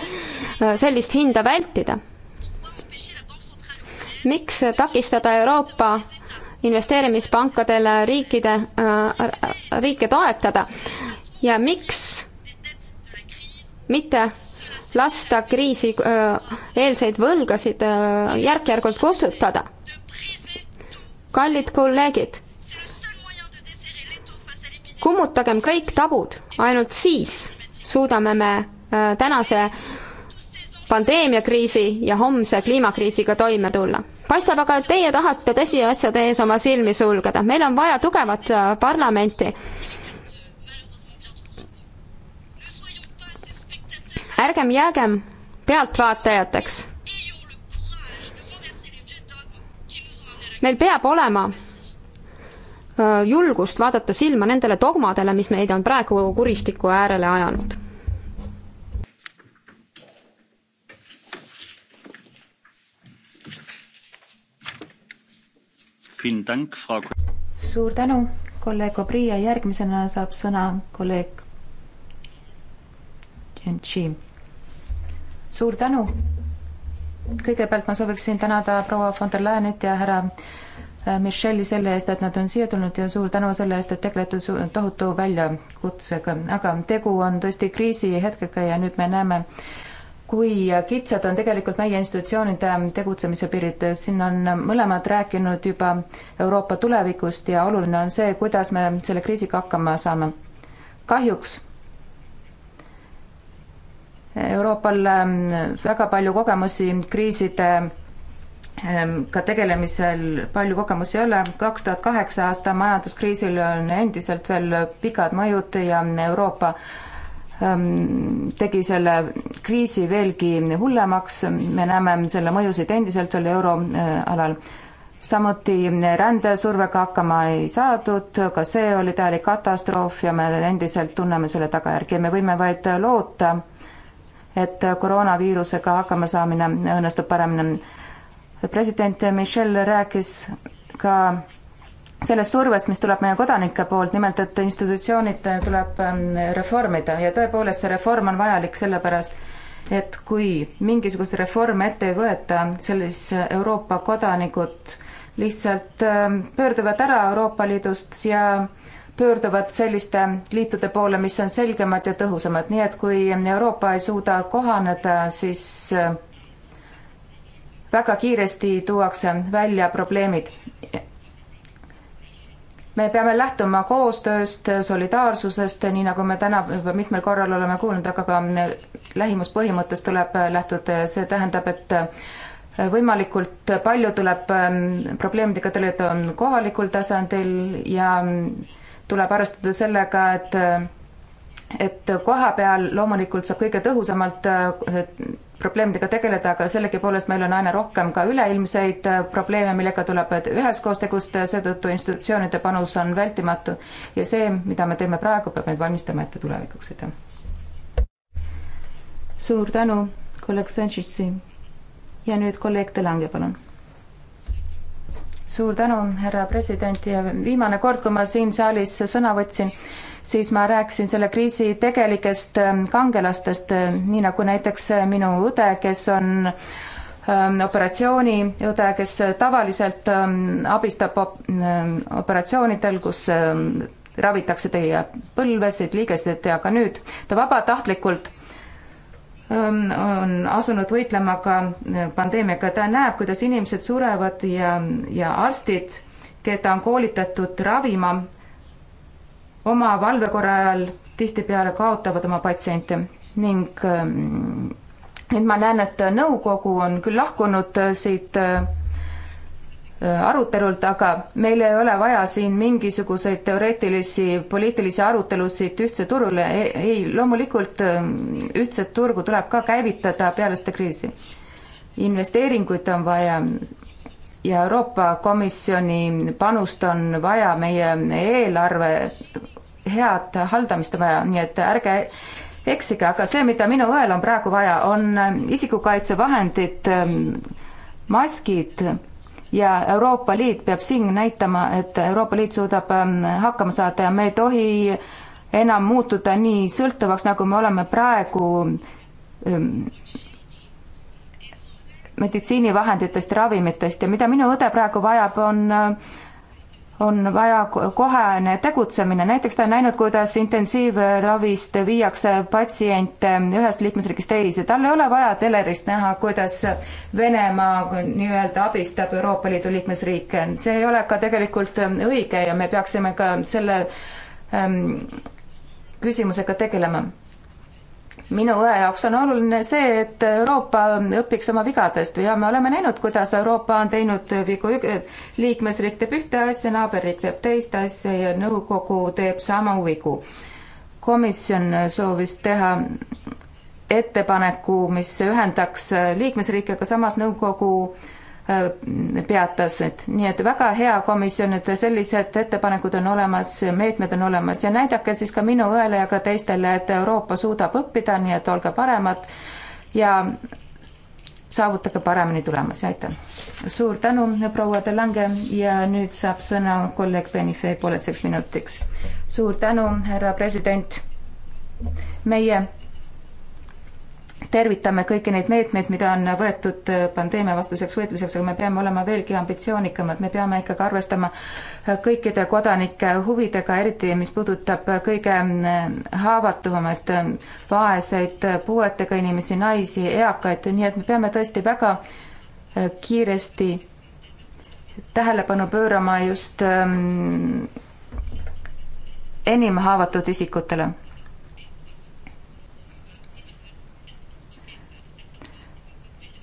sellist hinda vältida. miks takistada Euroopa investeerimispankadel riikide, riike toetada ja miks mitte lasta kriisi eelseid võlgasid järk-järgult kustutada? kallid kolleegid kummutagem kõik tabud, ainult siis suudame me äh, tänase pandeemiakriisi ja homse kliimakriisiga toime tulla. paistab aga, et teie tahate tõsiasjade ees oma silmi sulgeda, meil on vaja tugevat äh, parlamenti. ärgem jäägem pealtvaatajateks. meil peab olema Äh, julgust vaadata silma nendele dogmadele, mis meid on praegu kuristiku äärele ajanud. suur tänu, kolleeg Obri ja järgmisena saab sõna kolleeg Tšintši. suur tänu. kõigepealt ma sooviksin tänada proua von der Leyenit ja härra Äh, Michelle'i selle eest, et nad on siia tulnud ja suur tänu selle eest, et tegelete tohutu väljakutsega, aga tegu on tõesti kriisihetkega ja nüüd me näeme, kui kitsad on tegelikult meie institutsioonide tegutsemise piirid, siin on mõlemad rääkinud juba Euroopa tulevikust ja oluline on see, kuidas me selle kriisiga hakkama saame. kahjuks Euroopal ähm, väga palju kogemusi kriiside Ehm, ka tegelemisel palju kogemusi ei ole, kaks tuhat kaheksa aasta majanduskriisil on endiselt veel pikad mõjud ja Euroopa ehm, tegi selle kriisi veelgi hullemaks, me näeme selle mõjusid endiselt veel euroalal. samuti rändesurvega hakkama ei saadud, ka see oli täielik katastroof ja me endiselt tunneme selle tagajärgi ja me võime vaid loota, et koroonaviirusega hakkamasaamine õnnestub paremini president Michel rääkis ka sellest survest, mis tuleb meie kodanike poolt, nimelt et institutsioonid tuleb ähm, reformida ja tõepoolest see reform on vajalik sellepärast, et kui mingisugust reformi ette ei võeta, siis Euroopa kodanikud lihtsalt ähm, pöörduvad ära Euroopa Liidust ja pöörduvad selliste liitude poole, mis on selgemad ja tõhusamad, nii et kui Euroopa ei suuda kohaneda, siis äh, väga kiiresti tuuakse välja probleemid. me peame lähtuma koostööst, solidaarsusest, nii nagu me täna juba mitmel korral oleme kuulnud, aga ka lähimuspõhimõttest tuleb lähtuda ja see tähendab, et võimalikult palju tuleb ähm, probleemidega tegeleda kohalikul tasandil ja tuleb arvestada sellega, et et koha peal loomulikult saab kõige tõhusamalt äh, probleemidega tegeleda, aga sellegipoolest meil on aina rohkem ka üleilmseid äh, probleeme, millega tuleb üheskoos tegutseda, äh, seetõttu institutsioonide panus on vältimatu. ja see, mida me teeme praegu, peab meid valmistama ette tulevikuks, aitäh. suur tänu, kolleeg Sanchez'i. ja nüüd kolleeg Delange, palun suur tänu, härra president ja viimane kord, kui ma siin saalis sõna võtsin siis ma rääkisin selle kriisi tegelikest ähm, kangelastest, äh, nii nagu näiteks äh, minu õde, kes on ähm, operatsiooniõde, kes äh, tavaliselt ähm, abistab operatsioonidel, kus ravitakse teie põlvesid, liigesed ja ka nüüd ta vabatahtlikult on asunud võitlema ka pandeemiaga, ta näeb, kuidas inimesed surevad ja, ja arstid, keda on koolitatud ravima oma valvekorra ajal tihtipeale kaotavad oma patsiente ning ähm, nüüd ma näen, et nõukogu on küll lahkunud äh, siit äh, äh, arutelult, aga meil ei ole vaja siin mingisuguseid teoreetilisi poliitilisi arutelusid ühtse turule, e-, ei, loomulikult ähm, ühtset turgu tuleb ka käivitada peale seda kriisi. investeeringuid on vaja ja Euroopa Komisjoni panust on vaja meie eelarve head haldamist on vaja, nii et ärge eksige, aga see, mida minu õel on praegu vaja, on ähm, isikukaitsevahendid, ähm, maskid ja Euroopa Liit peab siin näitama, et Euroopa Liit suudab ähm, hakkama saada ja me ei tohi enam muutuda nii sõltuvaks, nagu me oleme praegu meditsiinivahenditest, ravimitest ja mida minu õde praegu vajab, on äh, on vaja kohene tegutsemine, näiteks ta on näinud, kuidas intensiivravist viiakse patsiente ühest liikmesriigist teise, tal ei ole vaja telerist näha, kuidas Venemaa nii-öelda abistab Euroopa Liidu liikmesriike, see ei ole ka tegelikult õige ja me peaksime ka selle ähm, küsimusega tegelema minu õe jaoks on oluline see, et Euroopa õpiks oma vigadest ja me oleme näinud, kuidas Euroopa on teinud vigu, liikmesriik teeb ühte asja, naaberriik teeb teist asja ja nõukogu teeb sama vigu. komisjon soovis teha ettepaneku, mis ühendaks liikmesriike, aga samas nõukogu äh, Äh, peatasid. nii et väga hea komisjon, et sellised ettepanekud on olemas, meetmed on olemas ja näidake siis ka minu õele ja ka teistele, et Euroopa suudab õppida, nii et olge paremad ja saavutage paremini tulemusi, aitäh. suur tänu, proua De Lange ja nüüd saab sõna kolleeg Benifei pooleteiseks minutiks. suur tänu, härra president. meie tervitame kõiki neid meetmeid, mida on võetud pandeemiavastaseks võitluseks, aga me peame olema veelgi ambitsioonikamad, me peame ikkagi arvestama kõikide kodanike huvidega, eriti mis puudutab kõige haavatavamaid vaeseid, puuetega inimesi, naisi, eakaid, nii et me peame tõesti väga kiiresti tähelepanu pöörama just ähm, enim haavatud isikutele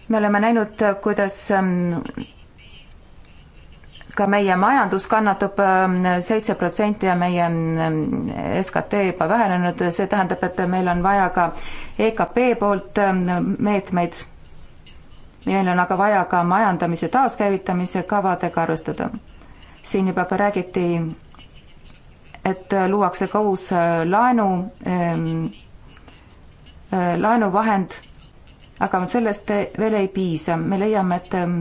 me oleme näinud, kuidas ähm, ka meie majandus kannatab ähm, seitse protsenti ja meie ähm, SKT juba vähenenud, see tähendab, et meil on vaja ka EKP poolt meetmeid. meil on aga vaja ka majandamise taaskäivitamise kavadega arvestada. siin juba ka räägiti, et luuakse ka uus äh, laenu ähm,, äh, laenuvahend aga sellest veel ei piisa, me leiame, et ähm,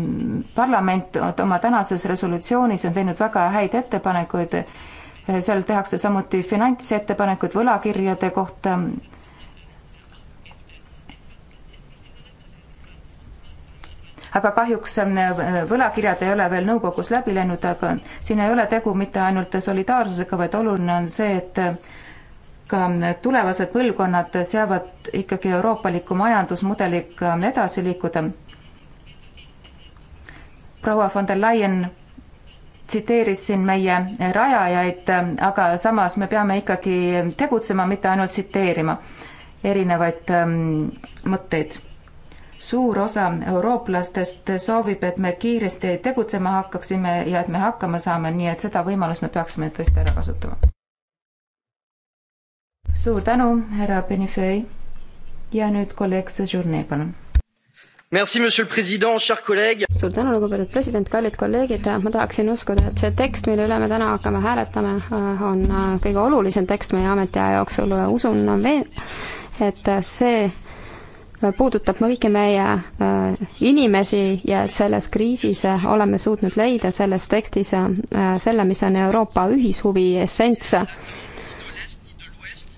parlament oma tänases resolutsioonis on teinud väga häid ettepanekuid, äh, seal tehakse samuti finantsettepanekud võlakirjade kohta, aga kahjuks ähm, võlakirjad ei ole veel nõukogus läbi läinud, aga siin ei ole tegu mitte ainult solidaarsusega, vaid oluline on see, et ka tulevased põlvkonnad seavad ikkagi euroopaliku majandusmudeliga edasi liikuda. proua von der Leyen tsiteeris siin meie rajajaid, aga samas me peame ikkagi tegutsema, mitte ainult tsiteerima erinevaid ähm, mõtteid. suur osa eurooplastest soovib, et me kiiresti tegutsema hakkaksime ja et me hakkama saame, nii et seda võimalust me peaksime tõesti ära kasutama suur tänu, härra Benifei. ja nüüd kolleeg Sejourne, palun. Merci, monsieur le président, chers collègues. suur tänu, lugupeetud president, kallid kolleegid, ma tahaksin uskuda, et see tekst, mille üle me täna hakkame hääletama, on kõige olulisem tekst meie ametiaja jooksul, usun veel, et see puudutab kõiki meie äh, inimesi ja et selles kriisis oleme suutnud leida selles tekstis äh, selle, mis on Euroopa ühishuvi essents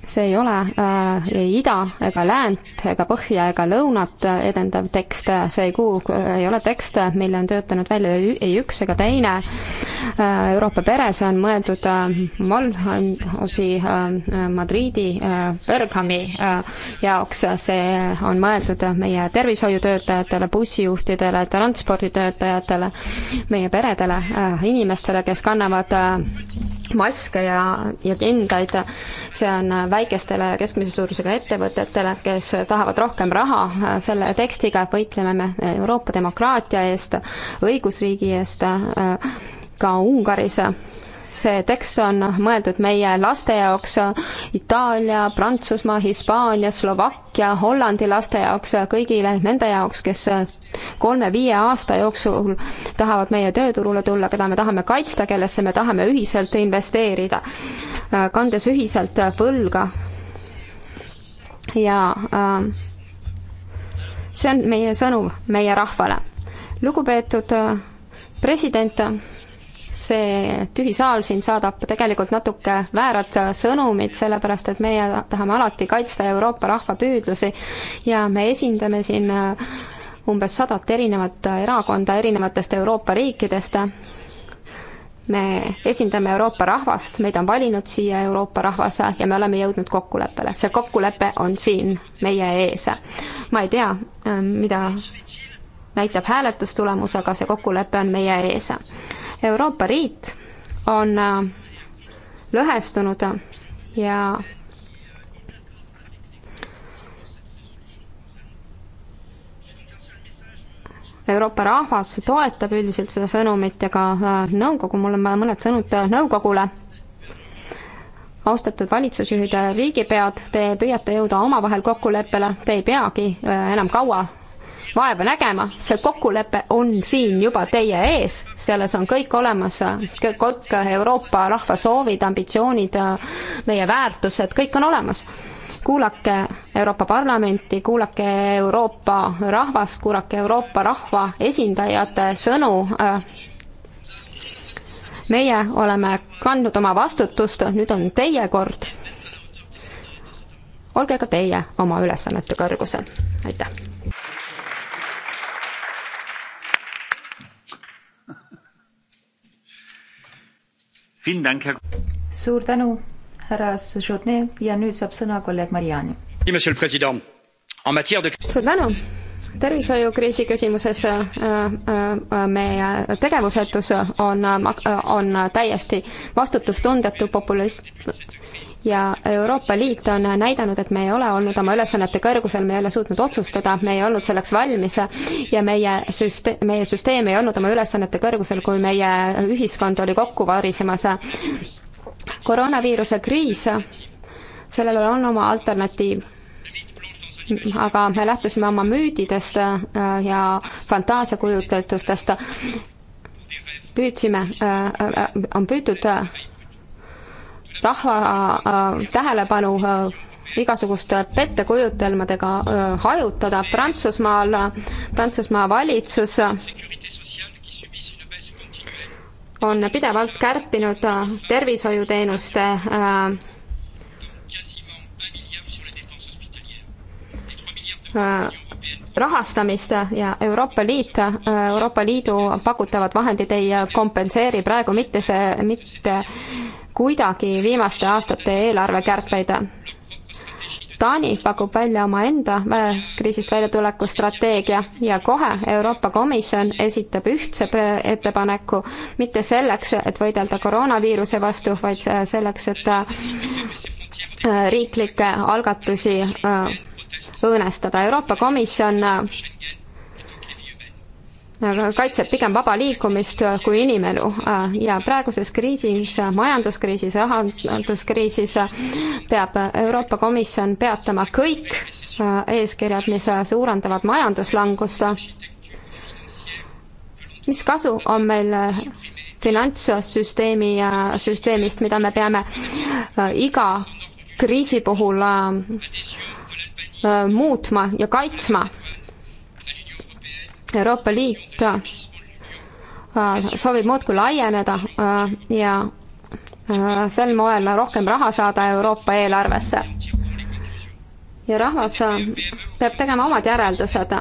see ei ole äh, ei ida ega läänt ega põhja ega lõunat äh, edendav tekst, äh, see ei kuulu, äh, ei ole tekst, mille on töötanud välja ei üks ega teine äh, Euroopa pere, see on mõeldud äh, Malhosi äh,, Madridi äh,, Bergami äh, jaoks, see on mõeldud meie tervishoiutöötajatele, bussijuhtidele, transporditöötajatele, meie peredele äh,, inimestele, kes kannavad äh, maske ja, ja kindaid, see on väikestele ja keskmise suurusega ettevõtetele, kes tahavad rohkem raha, selle tekstiga võitleme me Euroopa demokraatia eest, õigusriigi eest, ka Ungaris see tekst on mõeldud meie laste jaoks, Itaalia, Prantsusmaa, Hispaania, Slovakkia, Hollandi laste jaoks, kõigile nende jaoks, kes kolme-viie aasta jooksul tahavad meie tööturule tulla, keda me tahame kaitsta, kellesse me tahame ühiselt investeerida, kandes ühiselt võlga ja äh, see on meie sõnum meie rahvale. lugupeetud äh, president, see tühi saal siin saadab tegelikult natuke väärad sõnumid, sellepärast et meie tahame alati kaitsta Euroopa rahva püüdlusi ja me esindame siin äh, umbes sadat erinevat äh, erakonda erinevatest Euroopa riikidest. me esindame Euroopa rahvast, meid on valinud siia Euroopa rahvas ja me oleme jõudnud kokkuleppele. see kokkulepe on siin meie ees. ma ei tea, äh, mida näitab hääletustulemus, aga see kokkulepe on meie ees. Euroopa Liit on äh, lõhestunud ja Euroopa rahvas toetab üldiselt seda sõnumit ja ka äh, nõukogu, mul on mõned sõnud äh, nõukogule. austatud valitsusjuhid ja riigipead, te püüate jõuda omavahel kokkuleppele, te ei peagi enam kaua vaeva nägema, see kokkulepe on siin juba teie ees, selles on kõik olemas, kõik Euroopa rahva soovid, ambitsioonid, meie väärtused, kõik on olemas. kuulake Euroopa Parlamenti, kuulake Euroopa rahvast, kuulake Euroopa rahva esindajate sõnu meie oleme kandnud oma vastutust, nüüd on teie kord. olge ka teie oma ülesannete kõrgusel, aitäh! suur tänu, härra Sojourne ja nüüd saab sõna kolleeg Mariani. suur tänu tervishoiukriisi küsimuses äh, äh, äh, meie tegevusetus on, on täiesti vastutustundetu populism ja Euroopa Liit on näidanud, et me ei ole olnud oma ülesannete kõrgusel, me ei ole suutnud otsustada, me ei olnud selleks valmis ja meie süste-, meie süsteem ei olnud oma ülesannete kõrgusel, kui meie ühiskond oli kokku varisemas. koroonaviiruse kriis, sellel on oma alternatiiv aga me lähtusime oma müüdidest äh, ja fantaasiakujutlustest, püüdsime, äh, äh, on püütud rahva tähelepanu igasuguste pettekujutelmadega hajutada Prantsusmaal, Prantsusmaa valitsus on pidevalt kärpinud tervishoiuteenuste äh, Äh, rahastamist ja Euroopa Liit, äh, Euroopa Liidu pakutavad vahendid ei kompenseeri praegu mitte see, mitte kuidagi viimaste aastate eelarvekärpeid. Taani pakub välja omaenda äh, kriisist väljatuleku strateegia ja kohe Euroopa Komisjon esitab ühtse ettepaneku mitte selleks, et võidelda koroonaviiruse vastu, vaid selleks, et riiklikke algatusi õõnestada. Euroopa Komisjon äh, kaitseb pigem vaba liikumist kui inimelu äh, ja praeguses kriisis, majanduskriisis, rahanduskriisis äh, peab Euroopa Komisjon peatama kõik eeskirjad, mis suurendavad majanduslangust. mis kasu on meil finantssüsteemi ja süsteemist, mida me peame iga kriisi puhul Äh, muutma ja kaitsma. Euroopa Liit äh, soovib muudkui laieneda äh, ja sel moel rohkem raha saada Euroopa eelarvesse. ja rahvas peab tegema omad järeldused.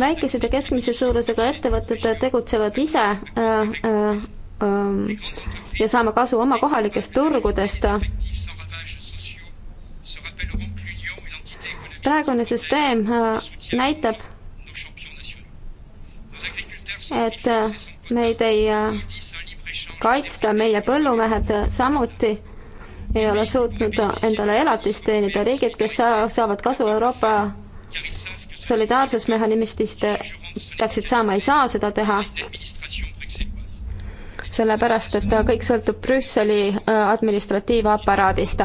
väikesed ja keskmise suurusega ettevõtted tegutsevad ise ähm, ja saame kasu oma kohalikest turgudest praegune süsteem äh, näitab, et äh, meid ei äh, kaitsta, meie põllumehed samuti ei ole suutnud endale elatist teenida, riigid, kes saavad kasu Euroopa solidaarsusmehhanismist, peaksid saama, ei saa seda teha, sellepärast et kõik sõltub Brüsseli administratiivaparaadist.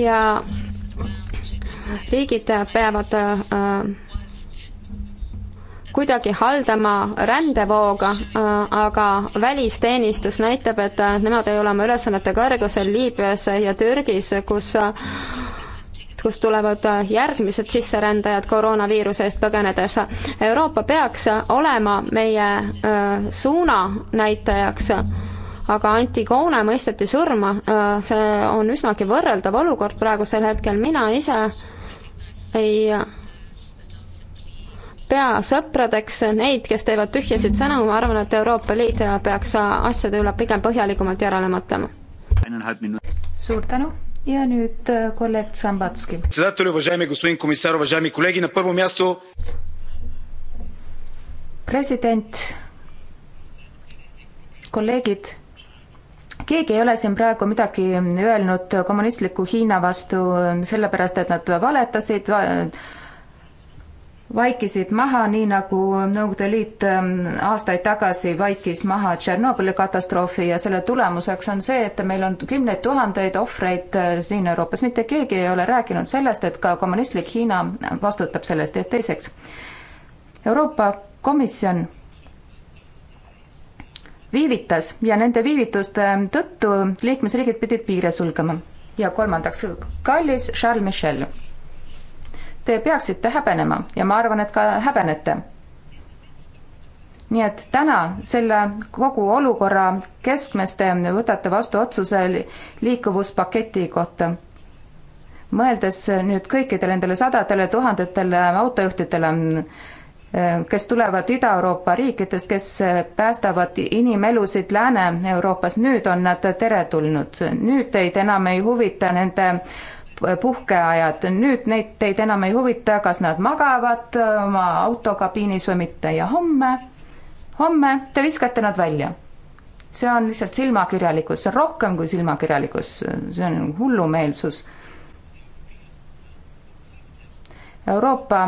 ja riigid peavad äh, kuidagi haldama rändevooga, äh, aga välisteenistus näitab, et äh, nemad ei ole oma ülesannete kõrgusel Liibüas ja Türgis, kus kust tulevad järgmised sisserändajad koroonaviiruse eest põgenedes. Euroopa peaks olema meie suunanäitajaks aga Anti Koone mõisteti surma, äh, see on üsnagi võrreldav olukord praegusel hetkel, mina ise ei pea sõpradeks neid, kes teevad tühjasid sõnu, ma arvan, et Euroopa Liit peaks asjade üle pigem põhjalikumalt järele mõtlema. suur tänu ja nüüd äh, kolleeg Zambatski. president, kolleegid keegi ei ole siin praegu midagi öelnud kommunistliku Hiina vastu sellepärast, et nad valetasid, vaikisid maha, nii nagu Nõukogude Liit ähm, aastaid tagasi vaikis maha Tšernobõli katastroofi ja selle tulemuseks on see, et meil on kümneid tuhandeid ohvreid äh, siin Euroopas. mitte keegi ei ole rääkinud sellest, et ka kommunistlik Hiina vastutab selle eest ja teiseks, Euroopa Komisjon viivitas ja nende viivituste tõttu liikmesriigid pidid piire sulgema. ja kolmandaks, kallis Charles Michel, te peaksite häbenema ja ma arvan, et ka häbenete. nii et täna selle kogu olukorra keskmes te võtate vastu otsuse liikuvuspaketi kohta mõeldes nüüd kõikidele nendele sadadele tuhandetele autojuhtidele, Eh, kes tulevad Ida-Euroopa riikidest, kes eh, päästavad inimelusid Lääne-Euroopas, nüüd on nad teretulnud. nüüd teid enam ei huvita nende puhkeajad, nüüd neid teid enam ei huvita, kas nad magavad eh, oma autokabiinis või mitte ja homme, homme te viskate nad välja. see on lihtsalt silmakirjalikkus, see on rohkem kui silmakirjalikkus, see on hullumeelsus. Euroopa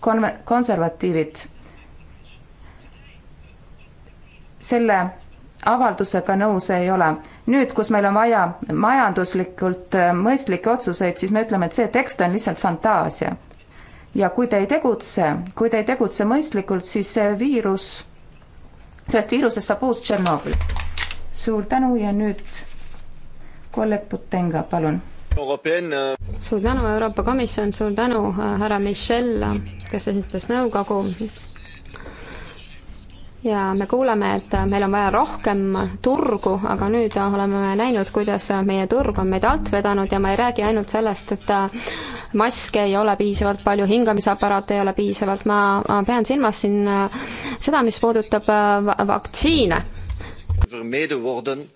konve-, konservatiivid selle avaldusega nõus ei ole. nüüd, kus meil on vaja majanduslikult äh, mõistlikke otsuseid, siis me ütleme, et see tekst on lihtsalt fantaasia. ja kui te ei tegutse, kui te ei tegutse mõistlikult, siis see viirus, sellest viirusest saab uus Tšernobõl. suur tänu ja nüüd kolleeg Putenga, palun Uh, suur tänu, Euroopa Komisjon, suur tänu, uh, härra Michel, uh, kes esitas nõukogu. ja me kuuleme, et meil on vaja rohkem turgu, aga nüüd oleme me näinud, kuidas meie turg on meid alt vedanud ja ma ei räägi ainult sellest, et maske ei ole piisavalt palju, hingamisaparaate ei ole piisavalt, ma pean silmas siin seda, mis puudutab vaktsiine. vermeden worden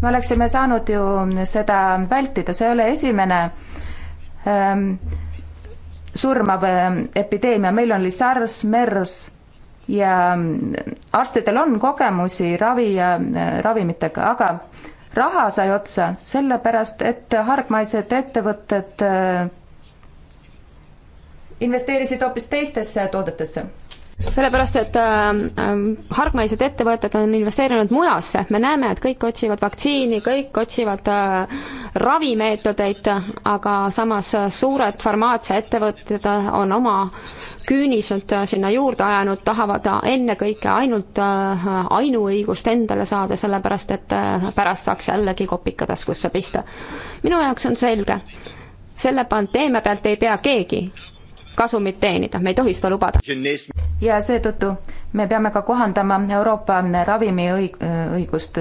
me oleksime saanud ju seda vältida, see ei ole esimene ähm, surmav ähm, epideemia, meil oli SARS, MERS ja ähm, arstidel on kogemusi ravi ja äh, ravimitega, aga raha sai otsa sellepärast, et hargmaised ettevõtted äh, investeerisid hoopis teistesse toodetesse sellepärast, et äh, äh, hargmaised ettevõtted on investeerinud mujasse, me näeme, et kõik otsivad vaktsiini, kõik otsivad äh, ravimeetodeid, aga samas äh, suured farmaatsiaettevõtted äh, on oma küünised sinna juurde ajanud, tahavad ennekõike ainult äh, ainuõigust endale saada, sellepärast et äh, pärast saaks jällegi kopika taskusse pista. minu jaoks on selge, selle pandeemia pealt ei pea keegi kasumit teenida, me ei tohi seda lubada. ja seetõttu me peame ka kohandama Euroopa ravimiõigust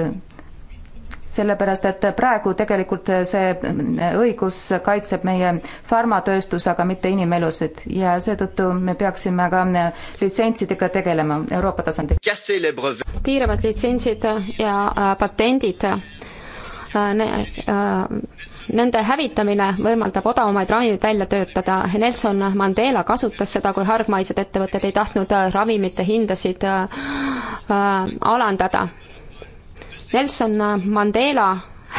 sellepärast, et praegu tegelikult see õigus kaitseb meie farmatööstus, aga mitte inimelusid ja seetõttu me peaksime ka litsentsidega tegelema Euroopa tasandil. piiravad litsentsid ja äh, patendid Äh, äh, nende hävitamine võimaldab odavamaid ravimeid välja töötada. Nelson Mandela kasutas seda, kui hargmaised ettevõtted ei tahtnud äh, ravimite hindasid alandada. Nelson Mandela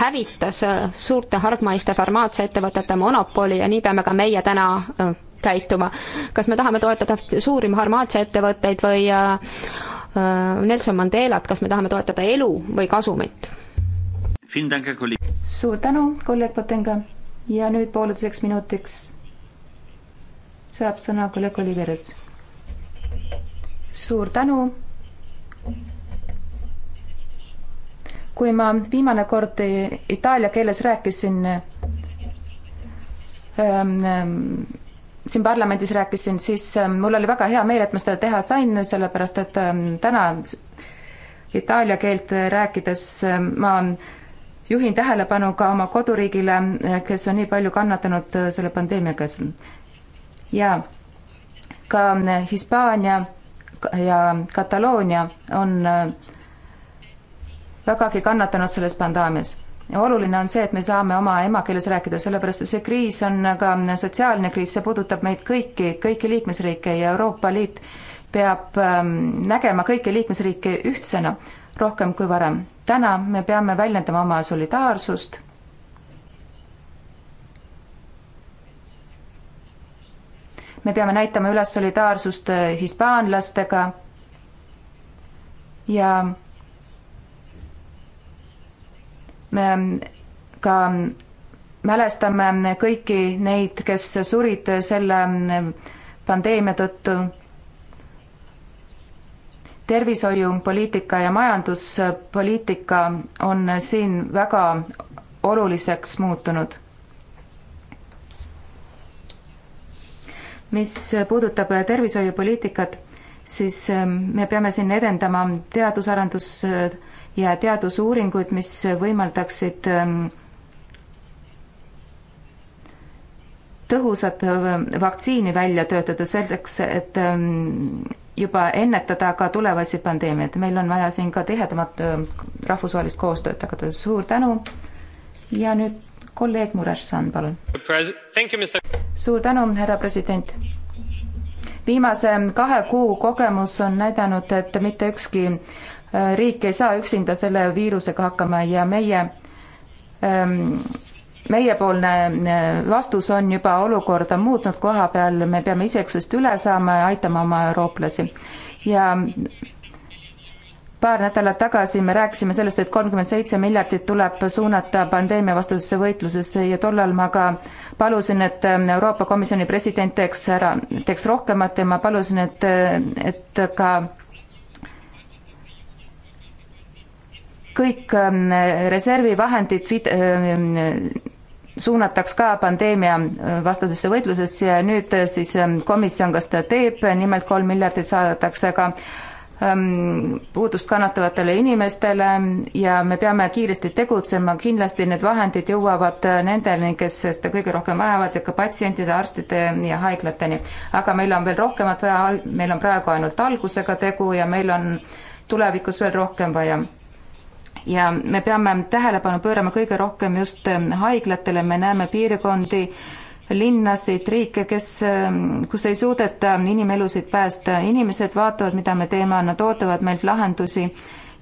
hävitas suurte hargmaiste farmaatsiaettevõtete monopoli ja nii peame ka meie täna käituma. kas me tahame toetada suuri farmaatsiaettevõtteid või Nelson Mandelat, kas me tahame toetada elu või kasumit? suur tänu, kolleeg Potenga ja nüüd pooleteiseks minutiks saab sõna kolleeg Oliveres. suur tänu. kui ma viimane kord itaalia keeles rääkisin ähm, ähm,, siin parlamendis rääkisin, siis ähm, mul oli väga hea meel, et ma seda teha sain, sellepärast et ähm, täna itaalia keelt rääkides ma juhin tähelepanu ka oma koduriigile, kes on nii palju kannatanud äh, selle pandeemia käes. ja ka äh, Hispaania ja Kataloonia on äh, vägagi kannatanud selles pandeemias. oluline on see, et me saame oma emakeeles rääkida, sellepärast et see kriis on ka sotsiaalne kriis, see puudutab meid kõiki, kõiki liikmesriike ja Euroopa Liit peab ähm, nägema kõiki liikmesriike ühtsena rohkem kui varem täna me peame väljendama oma solidaarsust me peame näitama üles solidaarsust äh, hispaanlastega ja me ähm, ka ähm, mälestame kõiki neid, kes surid selle ähm, pandeemia tõttu tervishoiupoliitika ja majanduspoliitika on siin väga oluliseks muutunud. mis puudutab tervishoiupoliitikat, siis ähm, me peame siin edendama teadusarendus ja teadusuuringuid, mis võimaldaksid ähm, tõhusat äh, vaktsiini välja töötada selleks, et ähm, juba ennetada ka tulevasi pandeemiaid. meil on vaja siin ka tihedamat rahvusvahelist koostööd tagada. suur tänu ja nüüd kolleeg Murešan, palun. suur tänu, härra president. viimase kahe kuu kogemus on näidanud, et mitte ükski riik ei saa üksinda selle viirusega hakkama ja meie ähm, meiepoolne äh, vastus on juba olukorda muutnud koha peal, me peame iseksust üle saama ja aitama oma eurooplasi. ja paar nädalat tagasi me rääkisime sellest, et kolmkümmend seitse miljardit tuleb suunata pandeemiavastasesse võitlusesse ja tollal ma ka palusin, et äh, Euroopa Komisjoni president teeks ära, teeks rohkemat ja ma palusin, et, äh, et ka kõik ähm, reservi vahendid ähm, suunataks ka pandeemia äh, vastasesse võitlusesse ja nüüd äh, siis ähm, komisjon, kas ta teeb, nimelt kolm miljardit saadetakse ka puudust kannatavatele inimestele ja me peame kiiresti tegutsema, kindlasti need vahendid jõuavad äh, nendeni, kes seda kõige rohkem vajavad, ka patsientide, arstide ja haiglateni. aga meil on veel rohkemat vaja, meil on praegu ainult algusega tegu ja meil on tulevikus veel rohkem vaja ja me peame tähelepanu pöörama kõige rohkem just ähm, haiglatele, me näeme piirkondi, linnasid, riike, kes, ähm, kus ei suudeta inimelusid päästa, inimesed vaatavad, mida me teeme, nad ootavad meilt lahendusi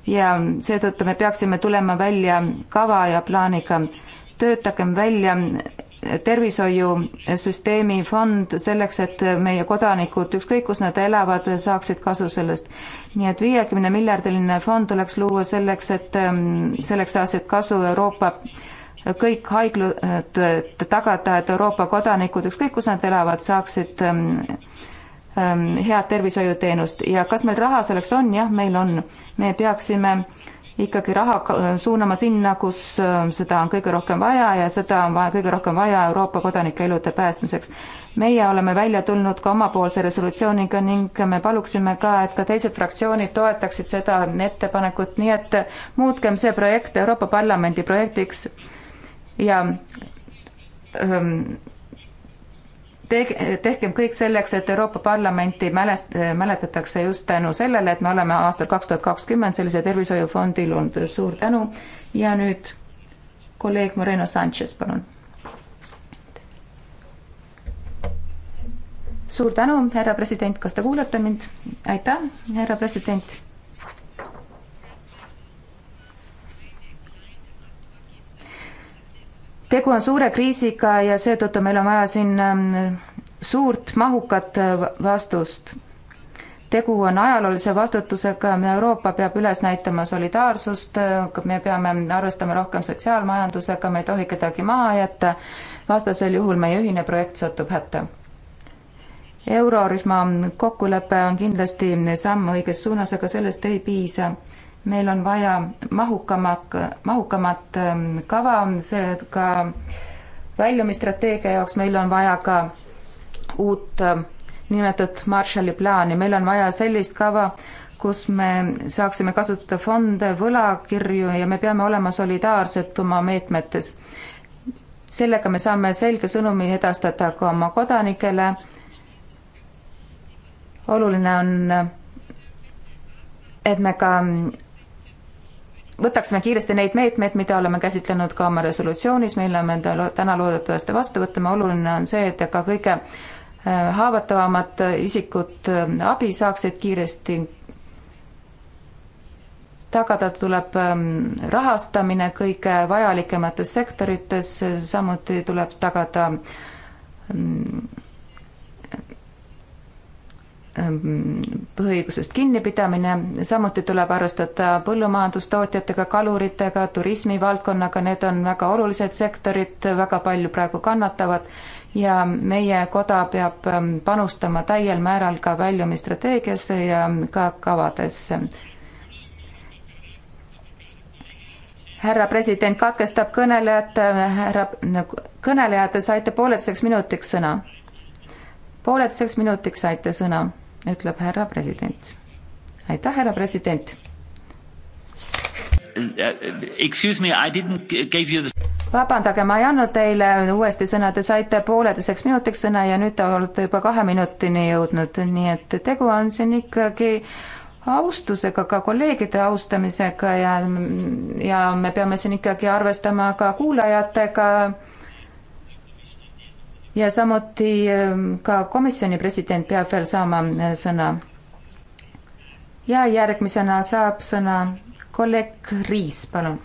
ja seetõttu me peaksime tulema välja kava ja plaaniga. töötagem välja tervishoiusüsteemi fond selleks, et meie kodanikud, ükskõik kus nad elavad, saaksid kasu sellest. nii et viiekümne miljardiline fond tuleks luua selleks, et ähm, selleks saaksid kasu Euroopa kõik haiglad tagada, et Euroopa kodanikud, ükskõik kus nad elavad, saaksid ähm, ähm, head tervishoiuteenust ja kas meil raha selleks on, jah, meil on. me peaksime ikkagi raha äh, suunama sinna, kus äh, seda on kõige rohkem vaja ja seda on vaja, kõige rohkem vaja Euroopa kodanike elude päästmiseks. meie oleme välja tulnud ka omapoolse resolutsiooniga ning me paluksime ka, et ka teised fraktsioonid toetaksid seda ettepanekut, nii et muutkem see projekt Euroopa Parlamendi projektiks ja ähm, tehkem kõik selleks, et Euroopa Parlamenti mälest-, mäletatakse just tänu sellele, et me oleme aastal kaks tuhat kakskümmend sellise tervishoiufondi loonud. suur tänu ja nüüd kolleeg Moreno Sanchez, palun. suur tänu, härra president, kas te kuulete mind? aitäh, härra president tegu on suure kriisiga ja seetõttu meil on vaja siin ähm, suurt mahukat äh, vastust. tegu on ajaloolise vastutusega, Euroopa peab üles näitama solidaarsust, äh, me peame arvestama rohkem sotsiaalmajandusega, me ei tohi kedagi maha jätta, vastasel juhul meie ühine projekt satub hätta. eurorühma kokkulepe on kindlasti samm õiges suunas, aga sellest ei piisa meil on vaja mahukamat, mahukamat ähm, kava, seega väljumisstrateegia jaoks meil on vaja ka uut ähm, nimetatud Marshalli plaani, meil on vaja sellist kava, kus me saaksime kasutada fonde, võlakirju ja me peame olema solidaarsed oma meetmetes. sellega me saame selge sõnumi edastada ka oma kodanikele. oluline on, äh, et me ka võtaksime kiiresti neid meetmeid, mida oleme käsitlenud ka oma resolutsioonis, mille me täna loodetavasti vastu võtame, oluline on see, et ka kõige äh, haavatavamad isikud äh, abi saaksid kiiresti. tagada tuleb ähm, rahastamine kõige vajalikemates sektorites, samuti tuleb tagada ähm, Ähm, põhiõigusest kinnipidamine, samuti tuleb arvestada põllumajandustootjatega, kaluritega, turismivaldkonnaga, need on väga olulised sektorid, väga palju praegu kannatavad ja meie koda peab ähm, panustama täiel määral ka väljumisstrateegiasse ja ka kavadesse. härra president katkestab kõnelejat, äh, härra, nagu, kõnelejad, saite pooleteiseks minutiks sõna. pooleteiseks minutiks saite sõna ütleb härra president. aitäh, härra president. Äh, äh, excuse me, I didn't give you the vabandage, ma ei andnud teile uuesti sõna, te saite pooleteiseks minutiks sõna ja nüüd te olete juba kahe minutini jõudnud, nii et tegu on siin ikkagi austusega, ka kolleegide austamisega ja, ja me peame siin ikkagi arvestama ka kuulajatega ja samuti ehm, ka komisjoni president peab veel saama eh, sõna. ja järgmisena saab sõna kolleeg Riis, palun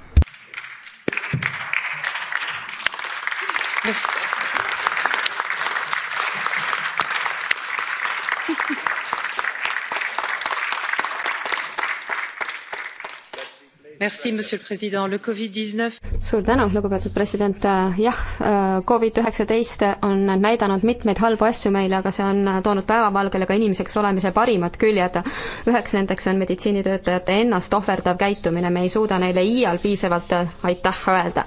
suur tänu, lugupeetud president, äh, jah, äh, Covid-19 on näidanud mitmeid halbu asju meile, aga see on toonud päevavalgele ka inimeseks olemise parimad küljed. üheks nendeks on meditsiinitöötajate ennast ohverdav käitumine, me ei suuda neile iial piisavalt äh, aitäh öelda.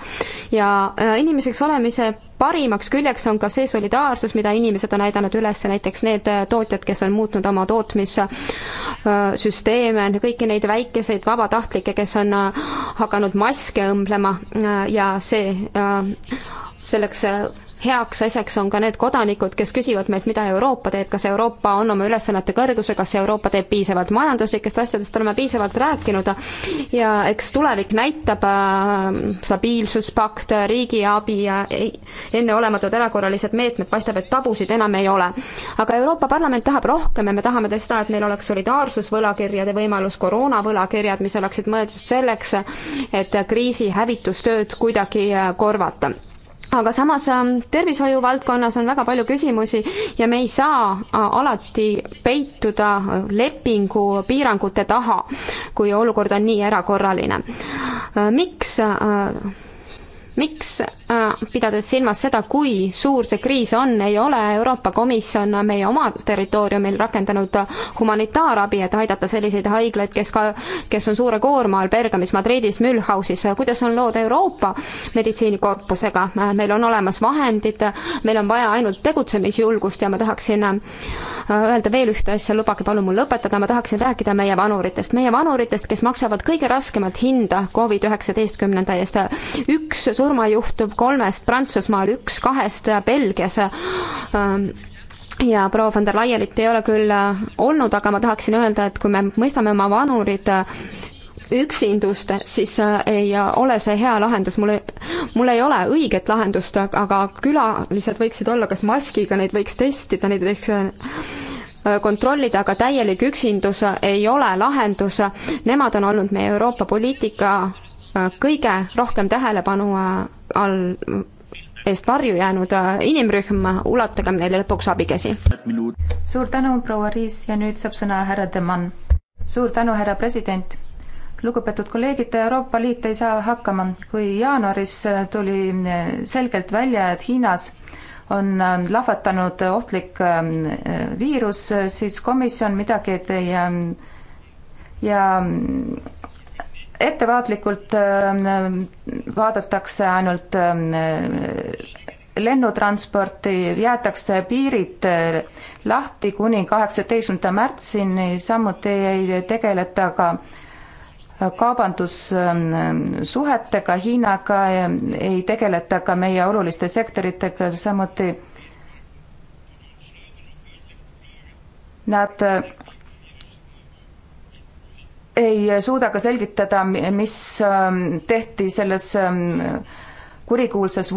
ja inimeseks olemise parimaks küljeks on ka see solidaarsus, mida inimesed on näidanud üles, näiteks need tootjad, kes on muutnud oma tootmissüsteeme, kõiki neid väikeseid vabatahtlikke, kes on hakanud maske õmblema äh, ja see äh, selleks äh, heaks asjaks on ka need kodanikud, kes küsivad meilt, mida Euroopa teeb, kas Euroopa on oma ülesannete kõrgusel, kas Euroopa teeb piisavalt majanduslikest asjadest, oleme piisavalt rääkinud ja eks tulevik näitab äh,, stabiilsuspakt, riigiabi ja enneolematud erakorralised meetmed, paistab, et tabusid enam ei ole. aga Euroopa Parlament tahab rohkem ja me tahame seda, et meil oleks solidaarsusvõlakirjade võimalus, koroonavõlakirjad, mis oleksid mõeldud selleks, et kriisi hävitustööd kuidagi äh, korvata aga samas ähm, tervishoiu valdkonnas on väga palju küsimusi ja me ei saa äh, alati peituda äh, lepingu piirangute taha, kui olukord on nii erakorraline. Äh, miks miks, äh, pidades silmas seda, kui suur see kriis on, ei ole Euroopa Komisjon meie oma territooriumil rakendanud humanitaarabi, et aidata selliseid haiglaid, kes ka, kes on suure koorma all Bergamis, Madridis, Mühlhausis, kuidas on lood Euroopa meditsiinikorpusega, äh, meil on olemas vahendid, meil on vaja ainult tegutsemisjulgust ja ma tahaksin äh, öelda veel ühte asja, lubage palun mul lõpetada, ma tahaksin rääkida meie vanuritest, meie vanuritest, kes maksavad kõige raskemat hinda Covid-19 eest, üks suur surmajuhtum kolmest Prantsusmaal, üks kahest Belgias ähm, ja proua von der Leyenit ei ole küll äh, olnud, aga ma tahaksin öelda, et kui me mõistame oma vanurid äh, üksindust, siis äh, ei ole see hea lahendus, mul ei, mul ei ole õiget lahendust, aga külalised võiksid olla kas maskiga, neid võiks testida, neid võiks kontrollida, aga täielik üksindus ei ole lahendus. Nemad on olnud meie Euroopa poliitika kõige rohkem tähelepanu all eest varju jäänud äh, inimrühm, ulatagem neile lõpuks abikäsi. suur tänu, proua Riis ja nüüd saab sõna härra Demann. suur tänu, härra president. lugupeetud kolleegid, Euroopa Liit ei saa hakkama, kui jaanuaris äh, tuli äh, selgelt välja, et Hiinas on lahvatanud ohtlik ähm, viirus, siis komisjon midagi ei tee ja ja ettevaatlikult ähm, vaadatakse ainult ähm, lennutransporti, jäetakse piirid äh, lahti kuni kaheksateistkümnenda märtsini, samuti ei tegeleta ka kaubandussuhetega ähm, Hiinaga, ei tegeleta ka meie oluliste sektoritega, samuti nad äh, ei suuda ka selgitada, mis ähm, tehti selles ähm, kurikuulsas